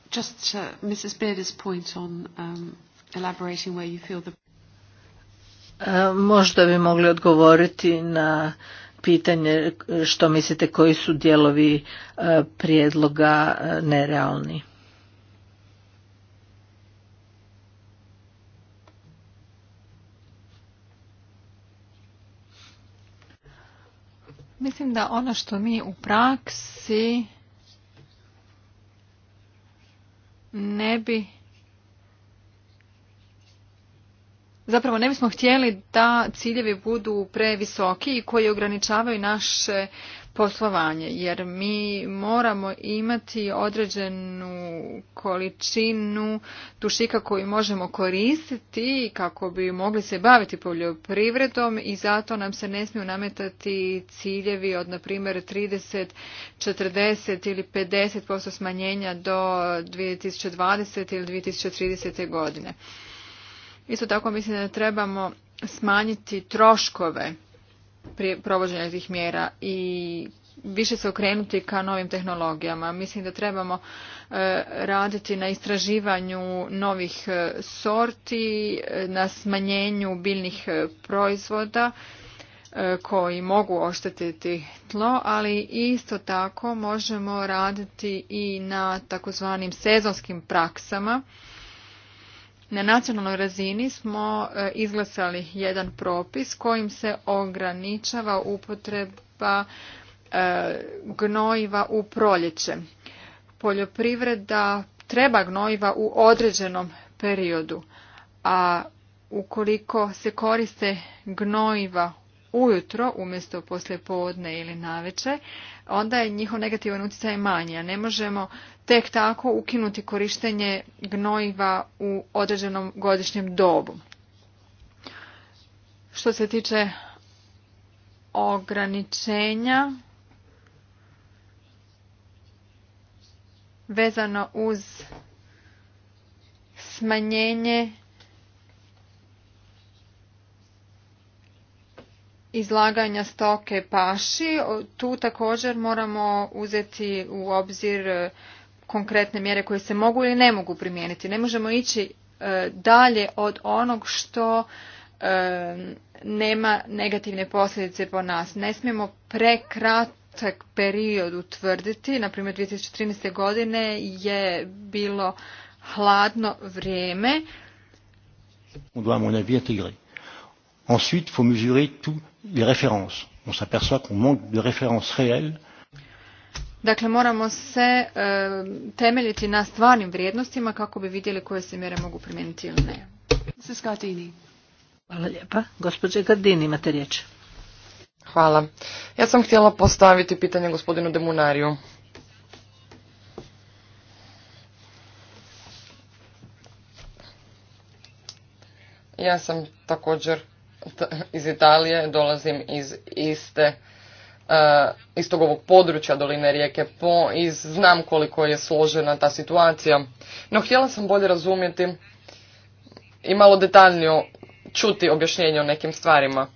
S3: just uh, Mrs. Beard's point on um, elaborating where you feel the...
S2: E, možda bi mogli odgovoriti na pitanje što mislite koji su dijelovi e, prijedloga e, nerealni.
S3: Mislim da ono što mi u praksi ne bi zapravo ne bismo htjeli da ciljevi budu previsoki i koji ograničavaju naše poslovanje jer mi moramo imati određenu količinu dušika koju možemo koristiti kako bi mogli se baviti poljoprivredom i zato nam se ne smiju nametati ciljevi od na primjer 30, 40 ili 50% smanjenja do 2020 ili 2030. godine. Isto tako mislim da trebamo smanjiti troškove provođenja tih mjera i više se okrenuti ka novim tehnologijama. Mislim da trebamo e, raditi na istraživanju novih e, sorti, na smanjenju biljnih e, proizvoda koji mogu oštetiti tlo, ali isto tako možemo raditi i na takozvanim sezonskim praksama na nacionalnoj razini smo e, izglasali jedan propis kojim se ograničava upotreba e, gnojiva u proljeće. Poljoprivreda treba gnojiva u određenom periodu, a ukoliko se koriste gnojiva ujutro umjesto poslijepodne ili naveče, onda je njihov negativan utjecaj manji, a ne možemo tek tako ukinuti korištenje gnojiva u određenom godišnjem dobu. Što se tiče ograničenja vezano uz smanjenje izlaganja stoke paši. Tu također moramo uzeti u obzir e, konkretne mjere koje se mogu ili ne mogu primijeniti. Ne možemo ići e, dalje od onog što e, nema negativne posljedice po nas. Ne smijemo prekratak period utvrditi. Naprimjer, 2013. godine je bilo hladno vrijeme. U Ensuite, il faut mesurer toutes les références. On s'aperçoit qu'on manque de
S2: références réelles.
S3: Dakle, moramo se e, temeljiti na stvarnim vrijednostima kako bi vidjeli koje se mjere mogu primijeniti ili ne.
S1: Hvala lijepa. Gospođe Gardini, imate riječ. Hvala. Ja sam htjela postaviti pitanje gospodinu Demunariju. Ja sam također iz Italije, dolazim iz iste uh, istog ovog područja doline rijeke Po i znam koliko je složena ta situacija. No htjela sam bolje razumjeti i malo detaljnije čuti objašnjenje o nekim stvarima.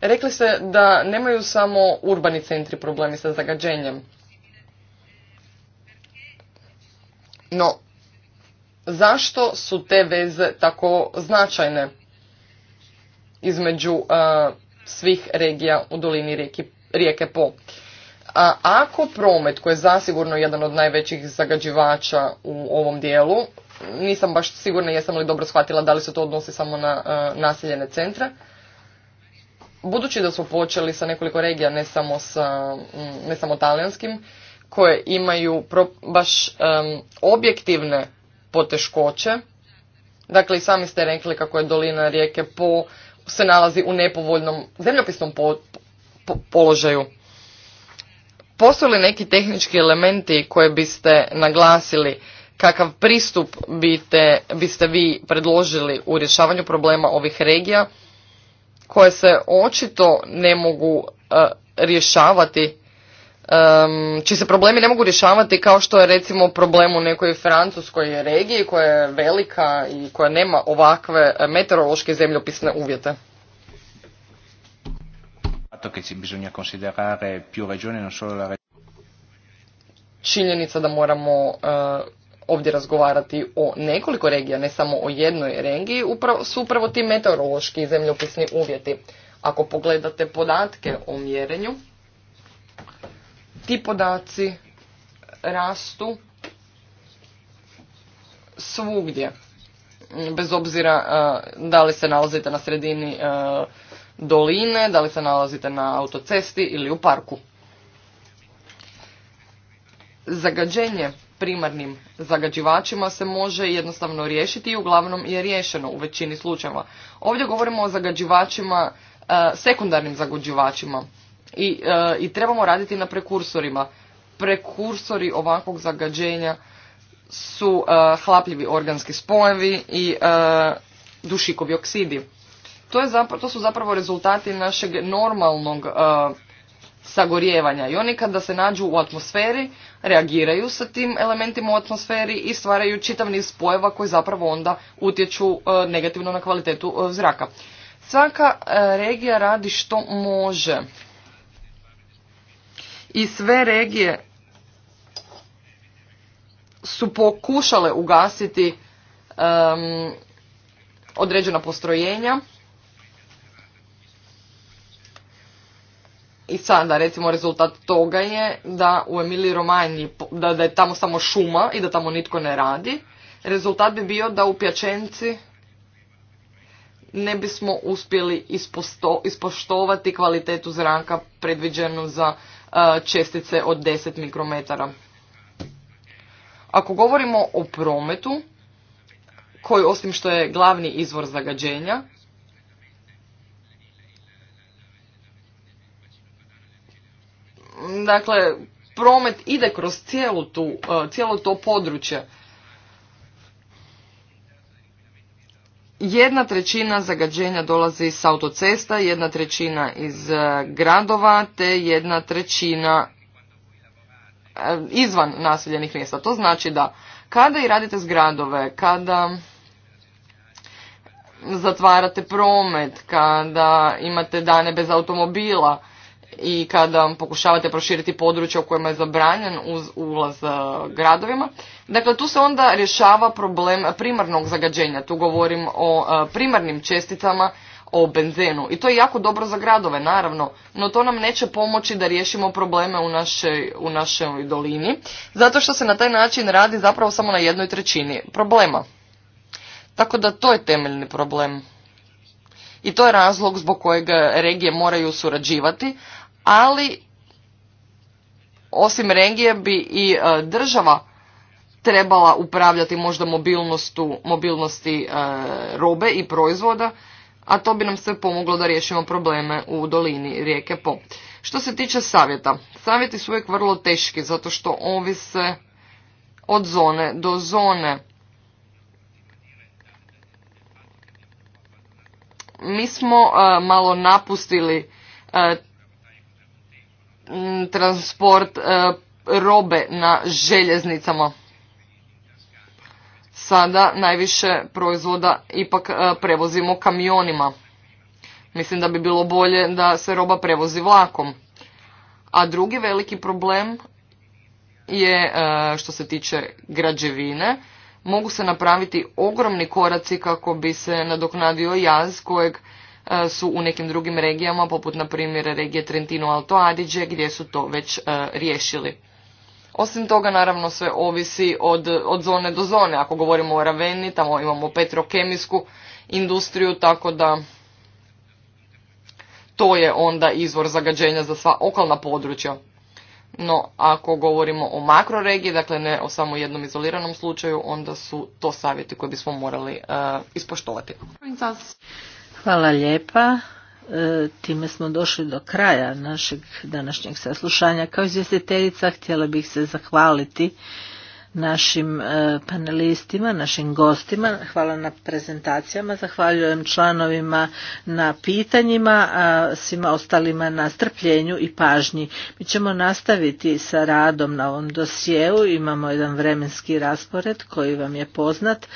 S1: Rekli ste da nemaju samo urbani centri problemi sa zagađenjem. No, zašto su te veze tako značajne? između uh, svih regija u dolini rijeke, rijeke Po. A ako promet, koji je zasigurno jedan od najvećih zagađivača u ovom dijelu, nisam baš sigurna jesam li dobro shvatila da li se to odnosi samo na uh, naseljene centre, budući da su počeli sa nekoliko regija, ne samo, sa, mm, ne samo talijanskim, koje imaju baš um, objektivne poteškoće, dakle i sami ste rekli kako je dolina rijeke Po se nalazi u nepovoljnom zemljopisnom položaju. Postoje li neki tehnički elementi koje biste naglasili kakav pristup bite, biste vi predložili u rješavanju problema ovih regija koje se očito ne mogu e, rješavati um, čiji se problemi ne mogu rješavati kao što je recimo problem u nekoj francuskoj regiji koja je velika i koja nema ovakve meteorološke zemljopisne uvjete. Činjenica da moramo e, ovdje razgovarati o nekoliko regija, ne samo o jednoj regiji, upravo, su upravo ti meteorološki zemljopisni uvjeti. Ako pogledate podatke o mjerenju, ti podaci rastu svugdje bez obzira e, da li se nalazite na sredini e, doline, da li se nalazite na autocesti ili u parku. Zagađenje primarnim zagađivačima se može jednostavno riješiti i uglavnom je riješeno u većini slučajeva. Ovdje govorimo o zagađivačima, e, sekundarnim zagađivačima. I, e, i trebamo raditi na prekursorima. Prekursori ovakvog zagađenja su e, hlapljivi organski spojevi i e, dušikovi oksidi. To, je to su zapravo rezultati našeg normalnog sagorijevanja. i oni kada se nađu u atmosferi reagiraju sa tim elementima u atmosferi i stvaraju čitav niz spojeva koji zapravo onda utječu negativno na kvalitetu zraka. Svaka regija radi što može i sve regije su pokušale ugasiti određena postrojenja i sada recimo rezultat toga je da u Emiliji Romanji da, da je tamo samo šuma i da tamo nitko ne radi rezultat bi bio da u Pjačenci ne bismo uspjeli ispoštovati kvalitetu zraka predviđenu za čestice od 10 mikrometara. Ako govorimo o prometu, koji osim što je glavni izvor zagađenja, dakle, promet ide kroz cijelu cijelo to područje jedna trećina zagađenja dolazi s autocesta, jedna trećina iz e, gradova, te jedna trećina e, izvan naseljenih mjesta. To znači da kada i radite zgradove, kada zatvarate promet, kada imate dane bez automobila, i kada pokušavate proširiti područje u kojima je zabranjen uz ulaz e, gradovima. Dakle, tu se onda rješava problem primarnog zagađenja. Tu govorim o e, primarnim česticama, o benzenu. I to je jako dobro za gradove, naravno, no to nam neće pomoći da riješimo probleme u našoj, u našoj dolini, zato što se na taj način radi zapravo samo na jednoj trećini problema. Tako da to je temeljni problem. I to je razlog zbog kojeg regije moraju surađivati, ali osim regije bi i e, država trebala upravljati možda mobilnosti e, robe i proizvoda, a to bi nam sve pomoglo da riješimo probleme u dolini rijeke Po. Što se tiče savjeta, savjeti su uvijek vrlo teški zato što ovise od zone do zone. Mi smo e, malo napustili Mm, transport e, robe na željeznicama. Sada najviše proizvoda ipak e, prevozimo kamionima. Mislim da bi bilo bolje da se roba prevozi vlakom. A drugi veliki problem je e, što se tiče građevine. Mogu se napraviti ogromni koraci kako bi se nadoknadio jaz kojeg E, su u nekim drugim regijama, poput na primjer regije Trentino Alto Adige, gdje su to već e, riješili. Osim toga, naravno, sve ovisi od, od zone do zone. Ako govorimo o Raveni, tamo imamo petrokemijsku industriju, tako da to je onda izvor zagađenja za sva okolna područja. No, ako govorimo o makroregiji, dakle ne o samo jednom izoliranom slučaju, onda su to savjeti koje bismo morali e, ispoštovati.
S2: Hvala lijepa. E, time smo došli do kraja našeg današnjeg saslušanja. Kao izvjestiteljica htjela bih se zahvaliti našim e, panelistima, našim gostima. Hvala na prezentacijama, zahvaljujem članovima na pitanjima, a svima ostalima na strpljenju i pažnji. Mi ćemo nastaviti sa radom na ovom dosjeu, imamo jedan vremenski raspored koji vam je poznat.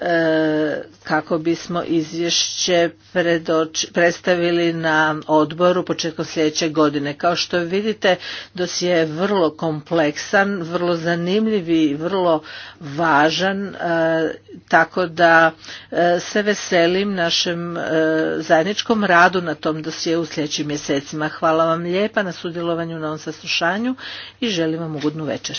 S2: E, kako bismo izvješće predstavili na odboru početkom sljedeće godine. Kao što vidite, dosje je vrlo kompleksan, vrlo zanimljiv i vrlo važan, e, tako da e, se veselim našem zajedničkom radu na tom dosjeu u sljedećim mjesecima. Hvala vam lijepa na sudjelovanju na ovom saslušanju i želim vam ugodnu večer.